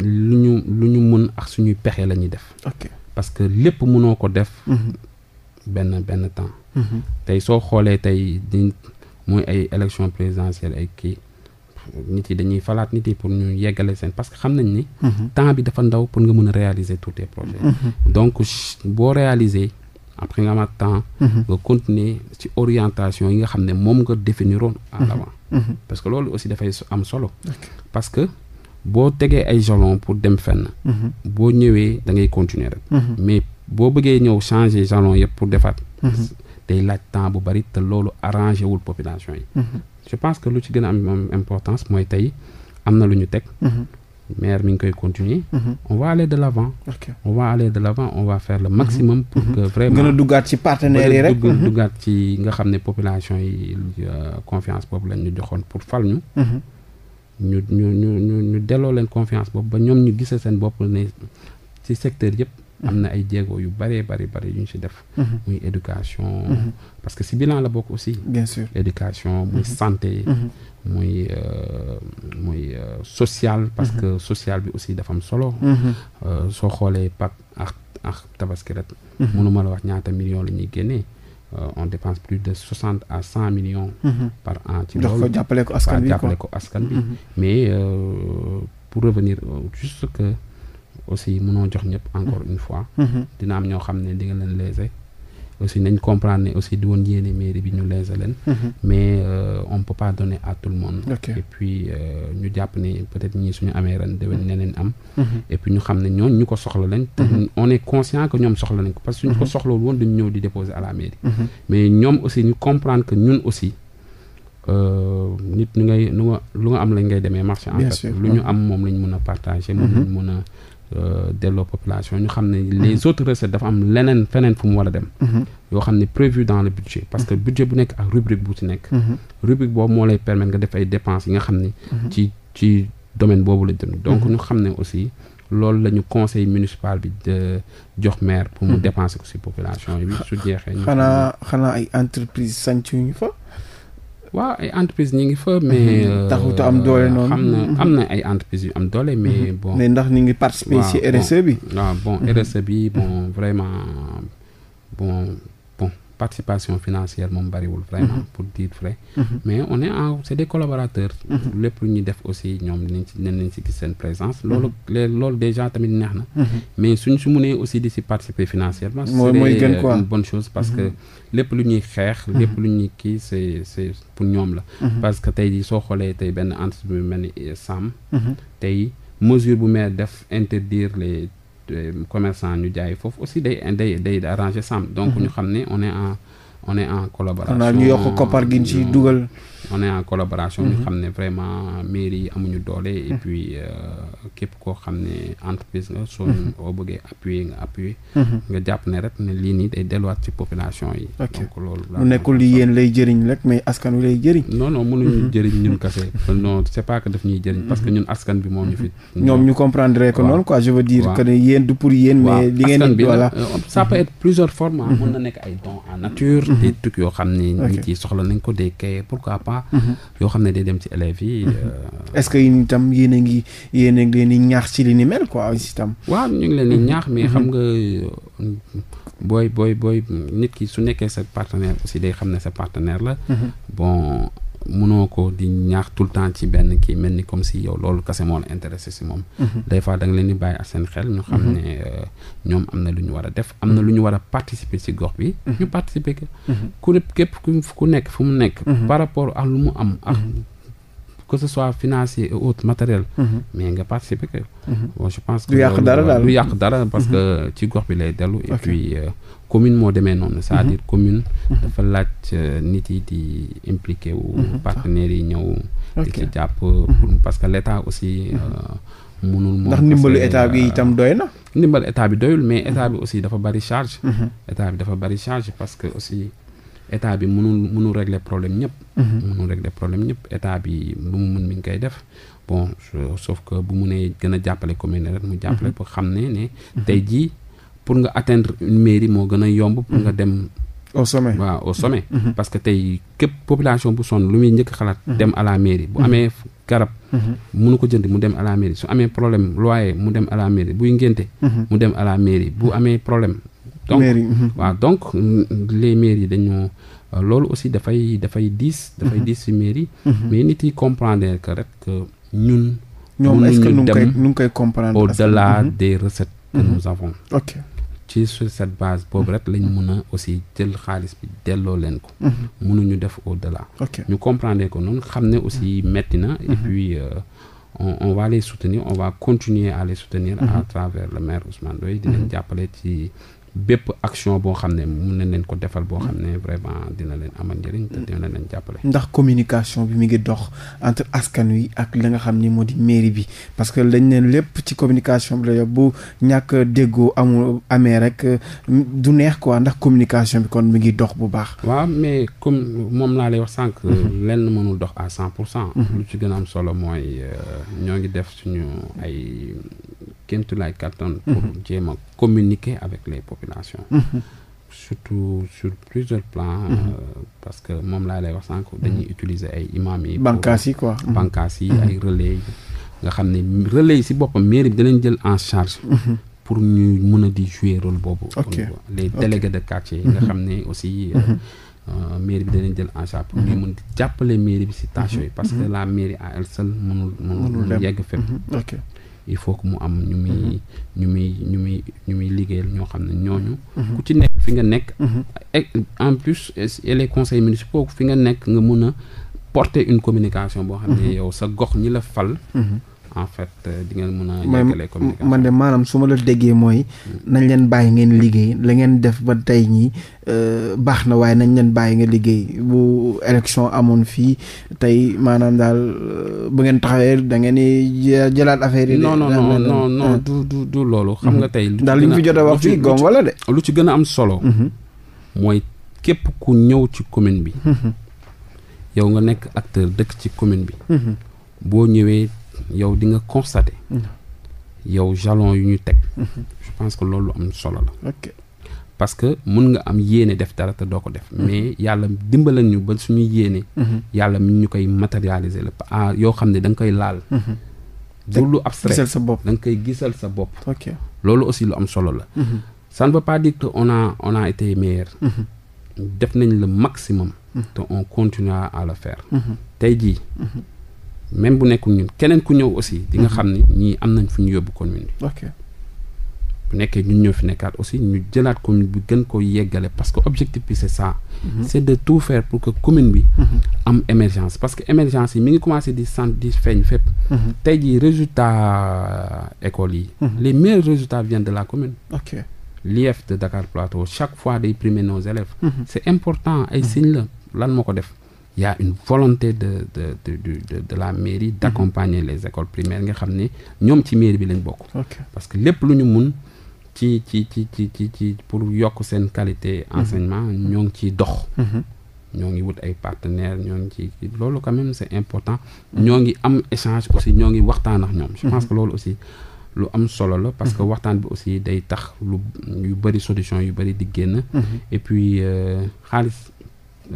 S2: lu ñu lu ñu mën ak suñuy pexe la ñuy def. parce que lépp mënoo ko def. Mhm. benn benn temps. tey soo xoolee tey di muy ay élection présidentielle ay kii nit yi dañuy falaat nit yi pour ñu yeggale seen parce que xam nañ ni. temps bi dafa ndaw pour nga mën a réaliser tous tes projets. donc boo réaliser. après nga amaat temps. Mhm. nga continuer ci orientation yi nga xam ne moom nga définiroon à mhm. l'avant mhm. parce que loolu aussi dafay am solo. parce que boo tegee ay jalons pour dem fenn. boo ñëwee da ngay continuer rek. mais boo bëggee ñëw changer jalons yëpp pour defaat. tey laaj temps bu bari te loolu arrangé wul population yi. je pense que lu ci gën a am importance mooy tey am na lu ñu teg. maire mi ngi koy continuer mhm. on va aller de l'avant okay. on va aller de l'avant on va faire le mhm. maximum pour mhm. que vraiment gën a duggaat ci partenaires yi rek duggaat ci nga xam ne population yi euh, confiance boobu lañ ñu joxoon pour fal ñu ñu ñu ñu ñu ñu delloo leen confiance boobu ba ñoom ñu gisee seen bopp ne ci secteur yëpp am na ay jéego yu bëree bëri bëri yu ñu si def mhm. muy éducation mhm. parce que si bilan la bokk aussi bien sûr éducation muy mhm. santé muy euh, euh, social parce que social bi aussi dafa am solo euh, soo xoolee pat ak ak tabaski ret mënuma la wax ñaata million la ñuy génnee on dépense plus de soixante à cent millions par an ci loolu jàppale ko askan bi mais pour revenir juste que aussi munoo jox ñëpp encore une fois mm-hmm. dina am ñoo xam ne di nga leen léser aussi nañ comprendre ne aussi di woon yéene mairie bi ñu léser leen mm-hmm. mais euh, on peut pas à tout le monde okay. et puis euh, ñu jàpp ni peut-être ñii suñu amee ren déwén neneen am mm-hmm. et puis ñu xam ne ñooñu ñu ko soxla lañ te on est conscient que ñoom soxla nañ ko parce que ñu ko soxlawul woon dañu ñëw di déposer à la mairie mais ñoom aussi ñu comprendre que ñun aussi euh, nit ñu ngay nu nga lu nga am lañ ngay demee marché en fait lu ñu am moom lañ mën a partager Euh, delloo population ñu xam ne mhm. les autres recettes dafa am leneen feneen fu mu war a dem mhm. yoo xam ne prévu dans le budget parce que mhm. budget bu nekk ak rubrique bu ci nekk rubrique boobu moo lay permettre nga def ay dépenses yi nga xam ne ci ci domaine boobu la jëm donc ñu xam ne aussi loolu la conseil municipal bi de jox maire pour mu dépenser ko si population yi su jeexee xanaa
S1: xanaa ay entreprise sanc ñu fa
S2: waaw ay entreprise ñi ngi fa mhm. mais. Euh, taxut am doole noonu xam na mhm. am na ay entreprise yu am
S1: doole mais mhm. bon. mais ndax ñu ngi participer ci RSE bi.
S2: waaw bon RSE bi bon vraiment bon. participation financière moom bariwul vraiment mhm. pour dire vrai mhm. mais on est en c'est des collaborateurs mhm. lépp lu ñuy def aussi ñoom dinañ ci dinañ leen si gis seen présence loolu lee loolu déjà tamit neex na mais suñ su munee aussi di si participer financièrement c'est une bonne chose parce que lépp lu ñuy xeex lépp lu ñuy kii c'est c'est pour ñoom la parce que tey jii soo xoolee tey benn entreprise bu mel ni SAM tey mesure bu maire def interdire les Euh, commerçant ñu jaay foofu aussi day day day arrangé sam donc ñu mhm. xam ne on est en on est en collaboration. ñu yokk koppar gi ñu euh, dugal. on est en collaboration. ñu mhm. xam ne vraiment mairie yi amuñu doole. et mhm. puis euh, képp koo xam ne entreprise nga. soo boo mhm. bëggee appuyer nga appuyer. nga jàpp ne rek ne lii nii day delluwaat ci population yi. donc loolu la nekkul li yéen
S1: lay jëriñ rek mais askan wi lay jëriñ. non mënuñu jëriñ ñun kase.
S2: Euh, non c'est pas que daf ñuy jëriñ. parce que ñun askan bi moo ñu
S1: fi. ñoom ñu comprendre que noonu quoi je veux dire que ne yéen du pour yéen. mais li ngeen di voilà euh, ça peut plusieurs formes.
S2: repas. Mhm. yoo xam ne day dem ci élèves yi. Mhm. Euh,
S1: est ce que yéen itam yéen a ngi yéen a ngi leen di ñaax ci li ni mel quoi aussi tam. waaw ñu ngi leen di mhm. ñaax mais xam
S2: nga booy booy booy nit ki su nekkee sa partenaire aussi day xam ne sa partenaire la. mënoo ko di ñaax tout le temps ci benn kii mel ni comme si yow loolu kase moo la intéressé si moom mhm. des fois da leen bàyyi ak seen xel ñu xam mhm. ne euh, ñoom am na lu ñu war a def am na lu ñu war a participer si gox bi mhm. ñu participer ke ku képp ku nekk fu mu nekk par rapport ak lu mu am ak que ce soit financier et matériel mm-hmm. mais nga participer que mm-hmm. bon je pense que du yàq dara daal du yàq dara parce mm-hmm. que ci gox bi lay dellu et puis euh, commune moo demee noonu c'est-à-dire commune dafa laaj euh, nit yi di impliqué wu partenaires yi ñëw di ci jàpp pour parce que l'état aussi munul euh, moom ndax ndimbalu état bi itam doy na ndimbalu état bi doyul mais état bi aussi dafa bari charge état bi dafa bari charge parce que aussi état bi mënul mënul régler problème ñëpp. Mhm. mënul régler problème ñëpp état bi bu mu mën mi ngi koy def bon sauf que bu mu nee gën a jàppale commune rek mu jàppale ba mhm. xam ne ne. Mhm. tey jii pour nga atteindre une mairie moo gën a yomb. pour nga dem. au sommet waaw au sommet. parce que tey képp population bu sonn lu muy njëkk xalaat. dem à la mairie bu amee garab. mënu ko jënd mu dem à la mairie su amee problème loyer mu dem à la mairie buy ngénte mu dem à la mairie bu amee problème donc mhm. waaw donc mm, les mairies dañoo euh, loolu aussi dafay dafay diis. dafay mhm. diis si mairie. Mhm. mais nit yi comprendre que rek ñun. ñoom est-ce que ñu ngi koy ñu ngi koy comprendre au-delà des recettes que nous avons. ok ci sur cette base boobu rek lañ mun a aussi jël xaalis bi delloo leen ko. mënuñu def au-delà. ñu comprendre ko noonu xam ne aussi metti na. et puis euh, on on va les soutenir on va continuer à les soutenir. à travers le maire Ousmane Doye di leen jàppale ci. bépp action boo xam ne mun nañ leen ko defal boo xam ne vraiment dina leen amal njëriñ te dina leen jàppale.
S1: ndax communication bi mu ngi dox entre askan wi ak la nga xam ni moo di mairie bi parce que lañ neen lépp ci communication bi la yob bu ñàkk déggoo amul amee rek euh, du neex quoi ndax communication bi kon mi ngi dox bu baax.
S2: waaw mais comme moom laa lay wax sànq. Mhm. lenn mënul dox à cent pour cent. Mhm. lu ci gën a am solo mooy euh, ñoo ngi def suñu ay. kéemtulaay kattan. Mhm. pour jéem a communiquer avec les populations. Mhm. surtout sur plusieurs plans. Mhm. Euh, parce que moom laa lay wax sànq dañuy utiliser ay imam yi. bànqaas yi quoi bànqaas yi ay relais yi. nga xam ne relais yi si boppam mairie bi danañ euh, euh, jël en charge. pour ñu mën a di jouer rôle boobu. les délégués de quartier. nga xam ne aussi. mairie bi danañ jël en charge pour ñu mën di jàppale mairie bi si tâche parce que la mairie à elle seule mënul mënul yegg fépp. il faut que mu am ñu muy mhm. ñu muy ñu muy ñu muy liggéeyal ñoo xam ne ñooñu mhm. ku ci nekk fi nga nekk mhm. en plus et les conseils municipaux fi nga nekk nga mun a porter une communication boo xam ne yow sa gox ñi la fal en fait euh, di ngeen mën a yàggale communication
S1: man de maanaam su ma la déggee mooy hmm. nañ leen bàyyi ngeen liggéey la ngeen def ba tey ñi euh, baax na waaye nañ leen bàyyi nga liggéey bu élection amoon fii tey maanaam daal euh, bu ngeen taxawee dangeen di jëlaat affaire yi non non non du
S2: ah. du du loolu xam nga hmm. tey daal li jot a wax fii wala de lu ci gën a am solo hmm. mooy képp ku ñëw ci commune bi yow nga nekk acteur dëkk ci commune bi boo ñëwee yow di nga constater. Mm-hmm. yow jalon yu ñu teg. Mm-hmm. je pense que loolu am solo la. parce que mun nga am yéene def dara te doo ko def. Mm-hmm. mais yàlla dimbalan ñu ba suñu yéene. yàlla mi ñu koy matérialiser la ah yoo xam ne danga koy laal. du lu abstrait gisal sa bopp da koy gisal sa bopp. ok loolu aussi lu am solo la. ça ne veut dire que on a on a été meilleur. def nañ la maximum. te on continuera à le faire. tey jii. même bu nekkul ñun keneen ku ñëw aussi di nga mhm. xam ni ñii am nañ fu ñu yóbbu commune bi ok bu nekkee ñun ñoo fi nekkaat aussi ñu jëlaat commune bi gën ko yeggale parce que objectif bi c'est ça mhm. c'est de tout faire pour que commune bi mhm. am émergence parce que émergence yi mi ngi commencé di sant di feeñ fépp tey jii résultat école yi les meilleurs résultats viennent de la commune ok l'IEF de Dakar Plateau chaque fois day primer non élèves c'est important ay signe la lan moo ko def il y a une volonté de de de de de la mairie d'accompagner les écoles primaires nga xam ni ñoom ci mairie bi lañ bokk. parce que lépp lu ñu mun ci ci ci ci ci ci pour yokk seen qualité. Mhm. enseignement ñoo ngi ciy dox. Mhm. ñoo ngi wut ay partenaires ñoo ngi ci loolu quand même c'est important. Mhm. ñoo ngi am échange aussi ñoo ngi waxtaan ak ñoom. je pense que loolu aussi lu am solo la. parce que waxtaan bi aussi day tax lu yu bari solution yu bari di génn. et puis euh, xaalis.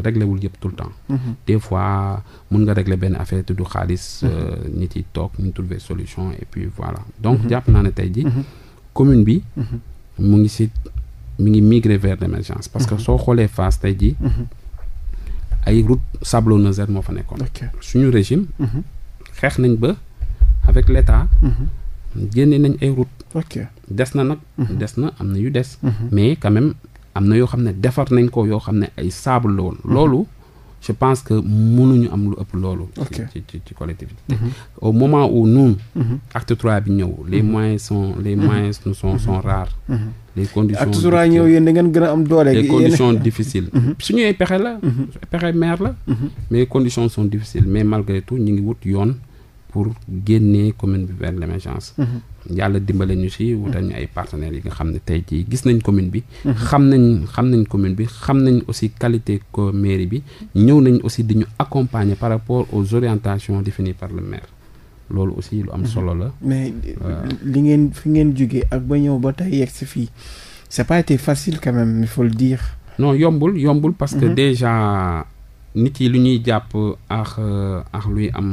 S2: réglé wul yëpp tout le temps. Mhm. des fois mun nga régler benn affaire tuddu xaalis. Mhm. Euh, nit yi toog ñu trouver solution et puis voilà. donc mhm. jàpp naa ne tey ji commune bi. mu ngi si mu ngi migrer vers l'émergence. parce que soo xoolee Fass tey ji ay route sablonneuse moo fa nekkoon. suñu régime. xeex nañ ba avec l'État. génne nañ ay route des na nag. des na am na yu des. mais quand am na yoo xam ne defar nañ ko yoo xam ne ay sable la loolu je pense que ñu am lu ëpp loolu ci ci ci collectivité mhm. au moment où nous mhm. acte trois bi ñëw les mhm. moyens sont les moyens sont sont rares les conditions acte trois ñëw yéen da ngeen gën a am doole les conditions difficiles suñuy pexe la pexe maire la mais conditions son difficiles mais malgré tout ñu ngi wut yoon pour génnee commune bi vers l'émergence mhm. yàlla dimbale ñu si wutal ñu ay partenaires yi nga xam ne tey jii gis nañ commune bi mhm. xam nañ xam nañ commune bi xam nañ aussi qualité ko mairie bi ñëw nañ aussi di ñu par rapport aux orientations définies par le maire loolu aussi lu am mhm. solo la
S1: mais euh. li ngeen fi ngeen jógee ak ba ñëw ba tey yegg si fii c'est pas été facile quand même il faut le dire
S2: non yombul yombul parce que déjà nit yi lu ñuy jàpp ak ak luy am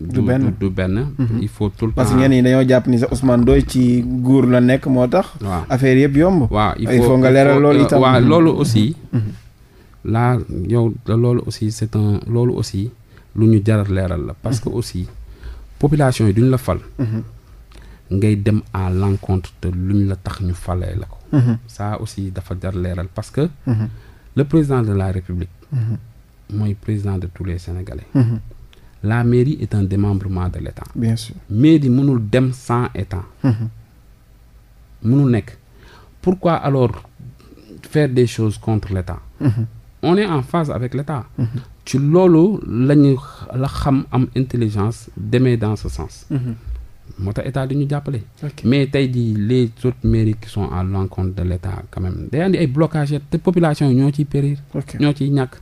S2: du benn du benn. Mhm. il faut tout le temps parce que ñenn ñi
S1: dañoo jàpp ni sax Ousmane Doy ci nguur la nekk moo tax. waaw affaire yëpp yomb. waaw il faut nga leeral loolu euh,
S2: itam. loolu aussi. Mhm. Mhm. laa yow loolu aussi c'est un loolu aussi lu ñu jaral leeral la. parce que aussi population yi duñ la fal. ngay dem à l'encontre te luñ la tax ñu falee la ko. ça aussi dafa jar leeral parce que. le président de la République. mooy président de tous les Sénégalais. la mairie est un démembrement de l'État. bien sûr mairie mënul dem sans État. Mhm. mënul nekk pourquoi alors faire des chose contre l'État. Mhm. on est en phase avec l'État. Mhm. ci loolu la ñu la xam am intelligence demee dans ce sens. moo tax état di ñu jàppale. mais tey di les autres mairies qui sont à l'encontre de l'état quand même day andi ay blocages te population yi ñoo ciy périr. ñoo ciy ñàkk.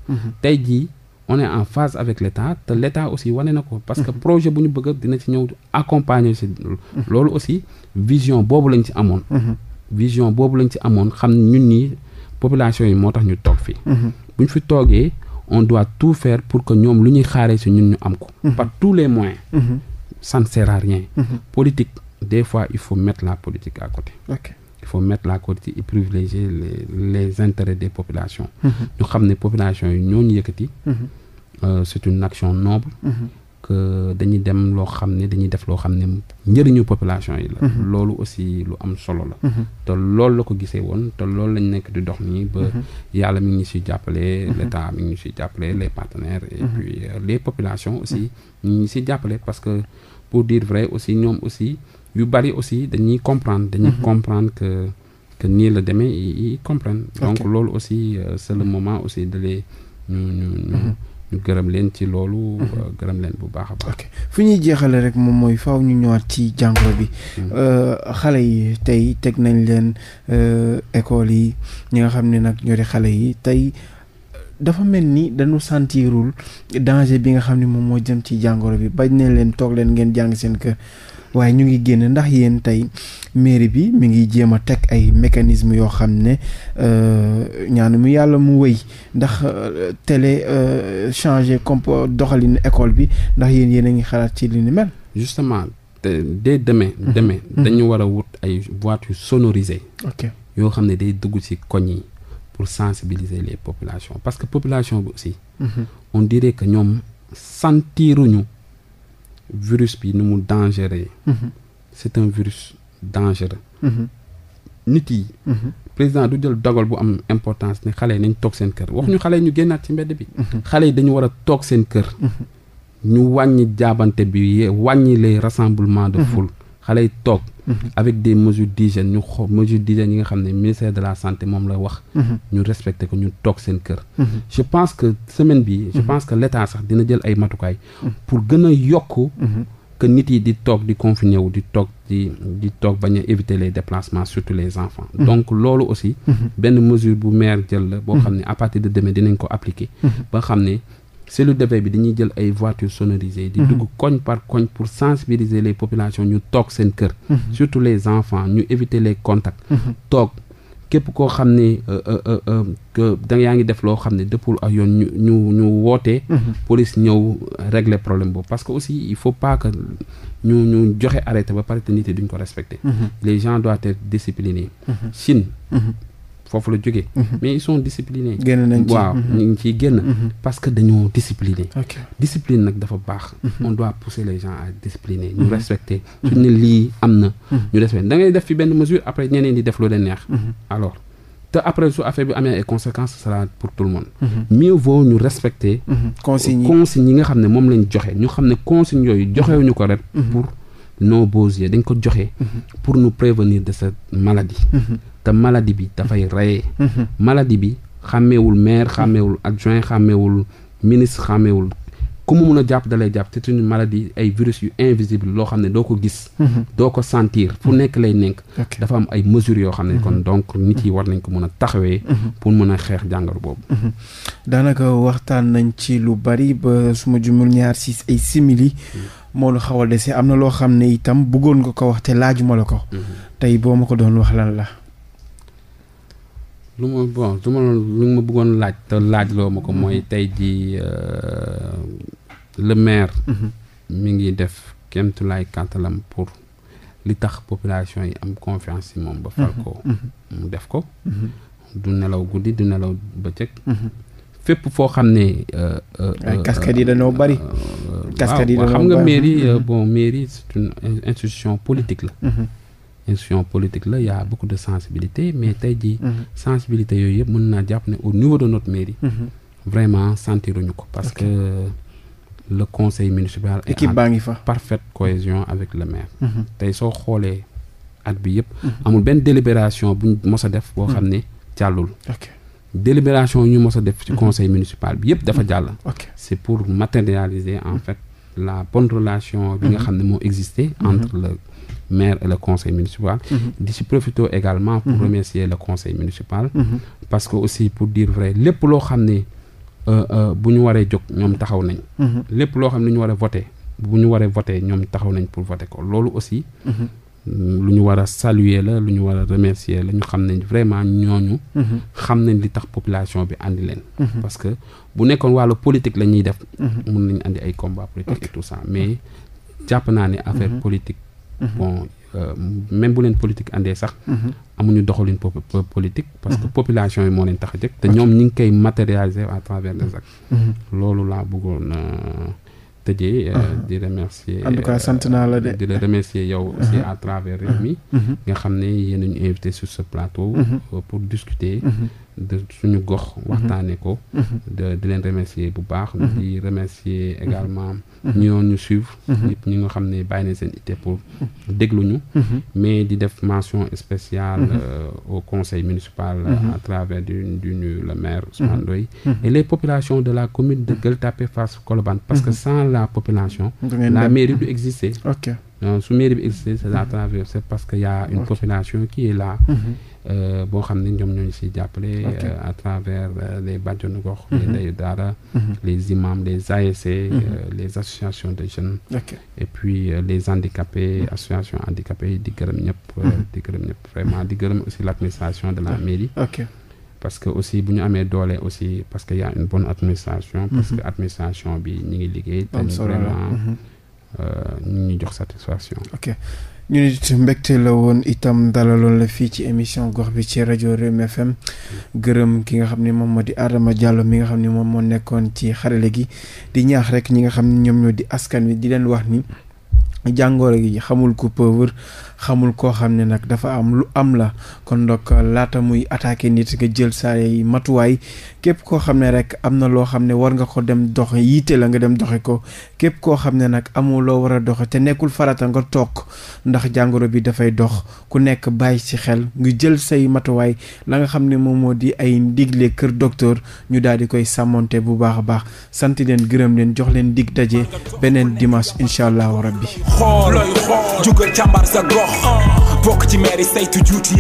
S2: tey jii on en phase avec l'État te l'État aussi wane na ko parce que mhm. projet bu ñu bëgg dina ci ñëw accompagner si loolu aussi vision boobu lañ ci amoon mhm. vision boobu lañ ci amoon xam ñun nii population yi moo tax ñu toog fii mhm. bu fi toogee on doit tout faire pour que ñoom lu ñuy xaaree si ñun ñu am ko par tous les moyens ça ne politique des fois il faut mettre la politique à côté il faut mettre la qualité et privilégier les, les intérêts des populations. Mhm. ñu xam ne population yi ñoo ñu yëkkati. Mhm. Euh, c'est une action noble. Mhm. que dañuy dem loo xam ne dañuy def loo xam ne njëriñu population yi la. loolu aussi lu am solo la. te loolu la ko gisee woon te loolu lañ nekk di dox nii ba. yàlla mi ngi siy jàppale. l'État mi ngi siy jàppale les partenaires. et puis euh, les populations aussi ñu ngi siy jàppale parce que pour dire vrai aussi ñoom aussi. yu bari aussi dañuy comprendre dañuy mhm. comprendre que que nii la demee ils comprennent donc loolu aussi euh, c'est le mhm. moment aussi de ñu ñu mhm. ñu gërëm leen ci loolu euh, gërëm leen bu baax a baax
S1: fu ñuy jeexale rek moom mooy faaw ñu ñëwaat ci jàngoro bi euh, xale yi tey teg nañ leen école yi ñi nga xam ni nag ñoo xale yi tey dafa mel ni dañu sentirul danger bi nga xam ne moom moo jëm ci jàngoro bi bañ ne leen toog leen ngeen jàng seen kër waaye ñu ngi génn ndax yéen tey mairie bi mi ngi jéem a teg ay mécanisme yoo xam ne euh, ñaanu mu yàlla mu wëy ndax euh, télé euh, changer compo doxalin école bi ndax yéen yéen a ngi xalaat ci li ni mel. justement
S2: dès demain. Mhm. demain mhm. dañu war a wut ay voitures sonorisées. ok yoo xam ne day dugg ci koñ yi pour sensibiliser les populations parce que population bi aussi. Mm -hmm. on ñoom sentiruñu virus bi ni mu dangereux. Mhm. c'est un virus dangereux. Mhm. nit yi. Mhm. président du jël dogal bu am importance ni xale yi nañ toog seen kër wax ñu xale yi ñu génnaat ci mbedd bi. xale yi dañu war a toog seen kër. ñu wàññi jaabante bi wàññi les rassemblements de foule. xale yi toog. Mhm. avec des mesures d'hygiène ñu xool mesures d'hygiène yi nga xam ne ministère de la santé moom la wax. Mhm. ñu respecté ko ñu toog seen kër. Mhm. je pense que semaine bi je pense que l'état sax dina jël ay matukaay. pour gën a yokk. que nit yi di toog di confiner wu di toog di di toog bañ a éviter les déplacements surtout les enfants. Mmh. donc loolu aussi. benn mesure bu maire jël la. boo xam ne à partir de demain dinañ ko appliquer. ba xam ne cellule de veille bi dañuy jël ay voitures sonorisées di mhm. dugg koñ par koñ pour sensibiliser les populations ñu toog seen kër mhm. surtout les enfants ñu éviter les contacts mhm. toog képp koo xam ni euh, euh, euh, que da yaa ngi def loo xam ne dëppul ak yoon ñu ñu ñu wootee police ñëw régler problème boobu parce que aussi il faut pas que ñu ñu joxe arrêté ba pare te nit yi duñ ko respecter les gens doivent être Chine foofu la jógee. Mhm. mais ils sont disciplinés. génn nañ ci waaw mhm. ñu ngi ciy génn. Mhm. parce que dañoo discipliné. Okay. nag dafa baax. on doit pousser les gens à discipliner. ñu respecter suñ ne lii am na. ñu respecter da ngay def fi benn mesure après ñeneen di def lu leen neex. alors te après su affaire bi amee ay conséquence ce sera pour tout le monde. mieux vaut ñu respecter. consignes yi consignes nga xam ne moom lañ joxe ñu xam ne consignes yooyu joxewuñu ko rek. pour nos beaux yeux dañ ko joxe. pour nous prévenir de cette maladie. te maladie bi dafay reye mhm. maladie bi xàmmeewul maire xàmmeewul adjoint xàmmewul ministre xàmmeewul ku mu mun a jàpp dalay jàpp te suñu maladie ay virus yu invisible loo xam ne doo ko gis mhm. doo ko sentir fu nekk lay nekk dafa am ay mesures yoo xam ne kon mhm. donc nit yi war nañ ko mën a taxawee pour mun a xeex jàngoro boobu
S1: daanaka waxtaan nañ ci lu bari ba suma jumul ñaar si ay simili moo lu xaw a dese am na loo xam ne itam bëggoon nga ko wax te laajuma la ko tey boo ma ko doon wax lan la
S2: lu ma bon su ma lu ma bëggoon laaj te laaj loo ma ko mhm. mooy tey jii euh, le maire. Mhm. mi ngi def kéemtulaay kàttalam pour li tax population yi am confiance ci moom. ba fal mhm. mu def ko. du nelaw guddi du nelaw bëccëg. fépp foo xam ne. Euh, euh, ay casquettes yi dañoo bari. casquettes yi bari waaw xam nga mairie bon mairie c'est une institution politique la. institution politique la y a de sensibilité mais tey jii mhm. sensibilité yooyu yëpp mën naa jàpp ne au niveau de notre mairie mhm. vraiment sentiruñu ko parce que le conseil municipal équipe baa ngi fa parfaite cohésion avec le maire mhm. tey soo xoolee at bi yëpp amul benn délibération buñ mos a def boo xam ne jàllul délibération ñu mos a def ci conseil municipal bi yëpp dafa jàll c'est pour matérialiser en fait la bonne relation bi nga xam ne moo existé entre le maire et le conseil municipal. Mhm. di ci profito également pour mhm. remercier le conseil municipal. Mhm. parce que aussi pour dire vrai lépp loo xam ne euh, euh, bu ñu waree jóg ñoom taxaw nañ. lépp loo xam ne lu ñu war a bu ñu waree voté ñoom taxaw nañ pour voté ko loolu aussi. lu ñu war a saluer la lu ñu war a remercier la ñu xam nañ vraiment ñooñu. xam nañ li tax population bi àndi leen. parce que bu nekkoon wàllu politique la ñuy def. mun nañ indi ay combat politique et tout ça jàpp naa ne affaire politique. Mhm. bon euh, même bu leen politique àndee sax. Mhm. amuñu doxalin po politique. parce que mhm. population yi moo leen tax a jëkk te ñoom ñu ngi koy matérialiser à travers des loolu laa bëggoon euh, tëjee. Euh, di remercier en tout cas sant naa la de. yow aussi à travers Rewmi. nga xam ne yéen a ñu invité su sa plateau. pour discuter. de suñu gox. waxtaanee ko. di leen remersier bu baax. di remercier également. Mhm. ñu doon mhm. ñu ñi nga xam ne bàyyi nañ seen ité pour dégluñu. Mhm. mais di def mention spéciale. Euh, au conseil municipal. à travers du du le maire Ousmane Ndoye. et les de la commune de Gueule Tapée Fass Colobane. parce que sans la population. la mairie du exister. ok euh, su mairie bi exister c'est à travers c'est parce que y a une population qui est là. Euh, boo xam ne ñoom ñooñu si jàppale euh, à travers euh, les bajjanu gox mhm. les ndeyu daara mhm. les imams les ASC mhm. les associations de jeunes et puis les handicapés associations handicapés di gërëm ñëpp di gërëm ñëpp vraiment di gërëm aussi l'administration de la ah, mairie parce que aussi bu ñu amee doolee aussi parce que y a une bonne administration parce que administration bi ñi ngi liggéey te vraiment ñu ñu jox satisfaction
S1: ok ñu nit mbégte la woon itam dalaloon la fii ci émission gox bi ci rajo Rewmi FM gërëm ki nga xam ne moom moo di Adama Diallo mi nga xam ne moom moo nekkoon ci xarale gi di ñaax rek ñi nga xam ne ñoom ñoo di askan wi di leen wax ni jàngooro gi xamul ku pauvre xamul koo xam ne nag dafa am lu am la kon donc laata muy attaqué nit nga jël say matuwaay képp koo xam ne rek am na loo xam ne war nga ko dem dox yiite la nga dem doxe ko képp koo xam ne nag amoo loo war a doxe te nekkul farata nga toog ndax jàngoro bi dafay dox ku nekk bàyyi ci xel nga jël say matuwaay la nga xam ne moom moo di ay ndigle kër docteur ñu daal di koy sàmmonte bu baax a baax sant leen gërëm leen jox leen digg daje beneen dimanche incha allahu rabbi xoolooy bokk ci maire yi saytu juuti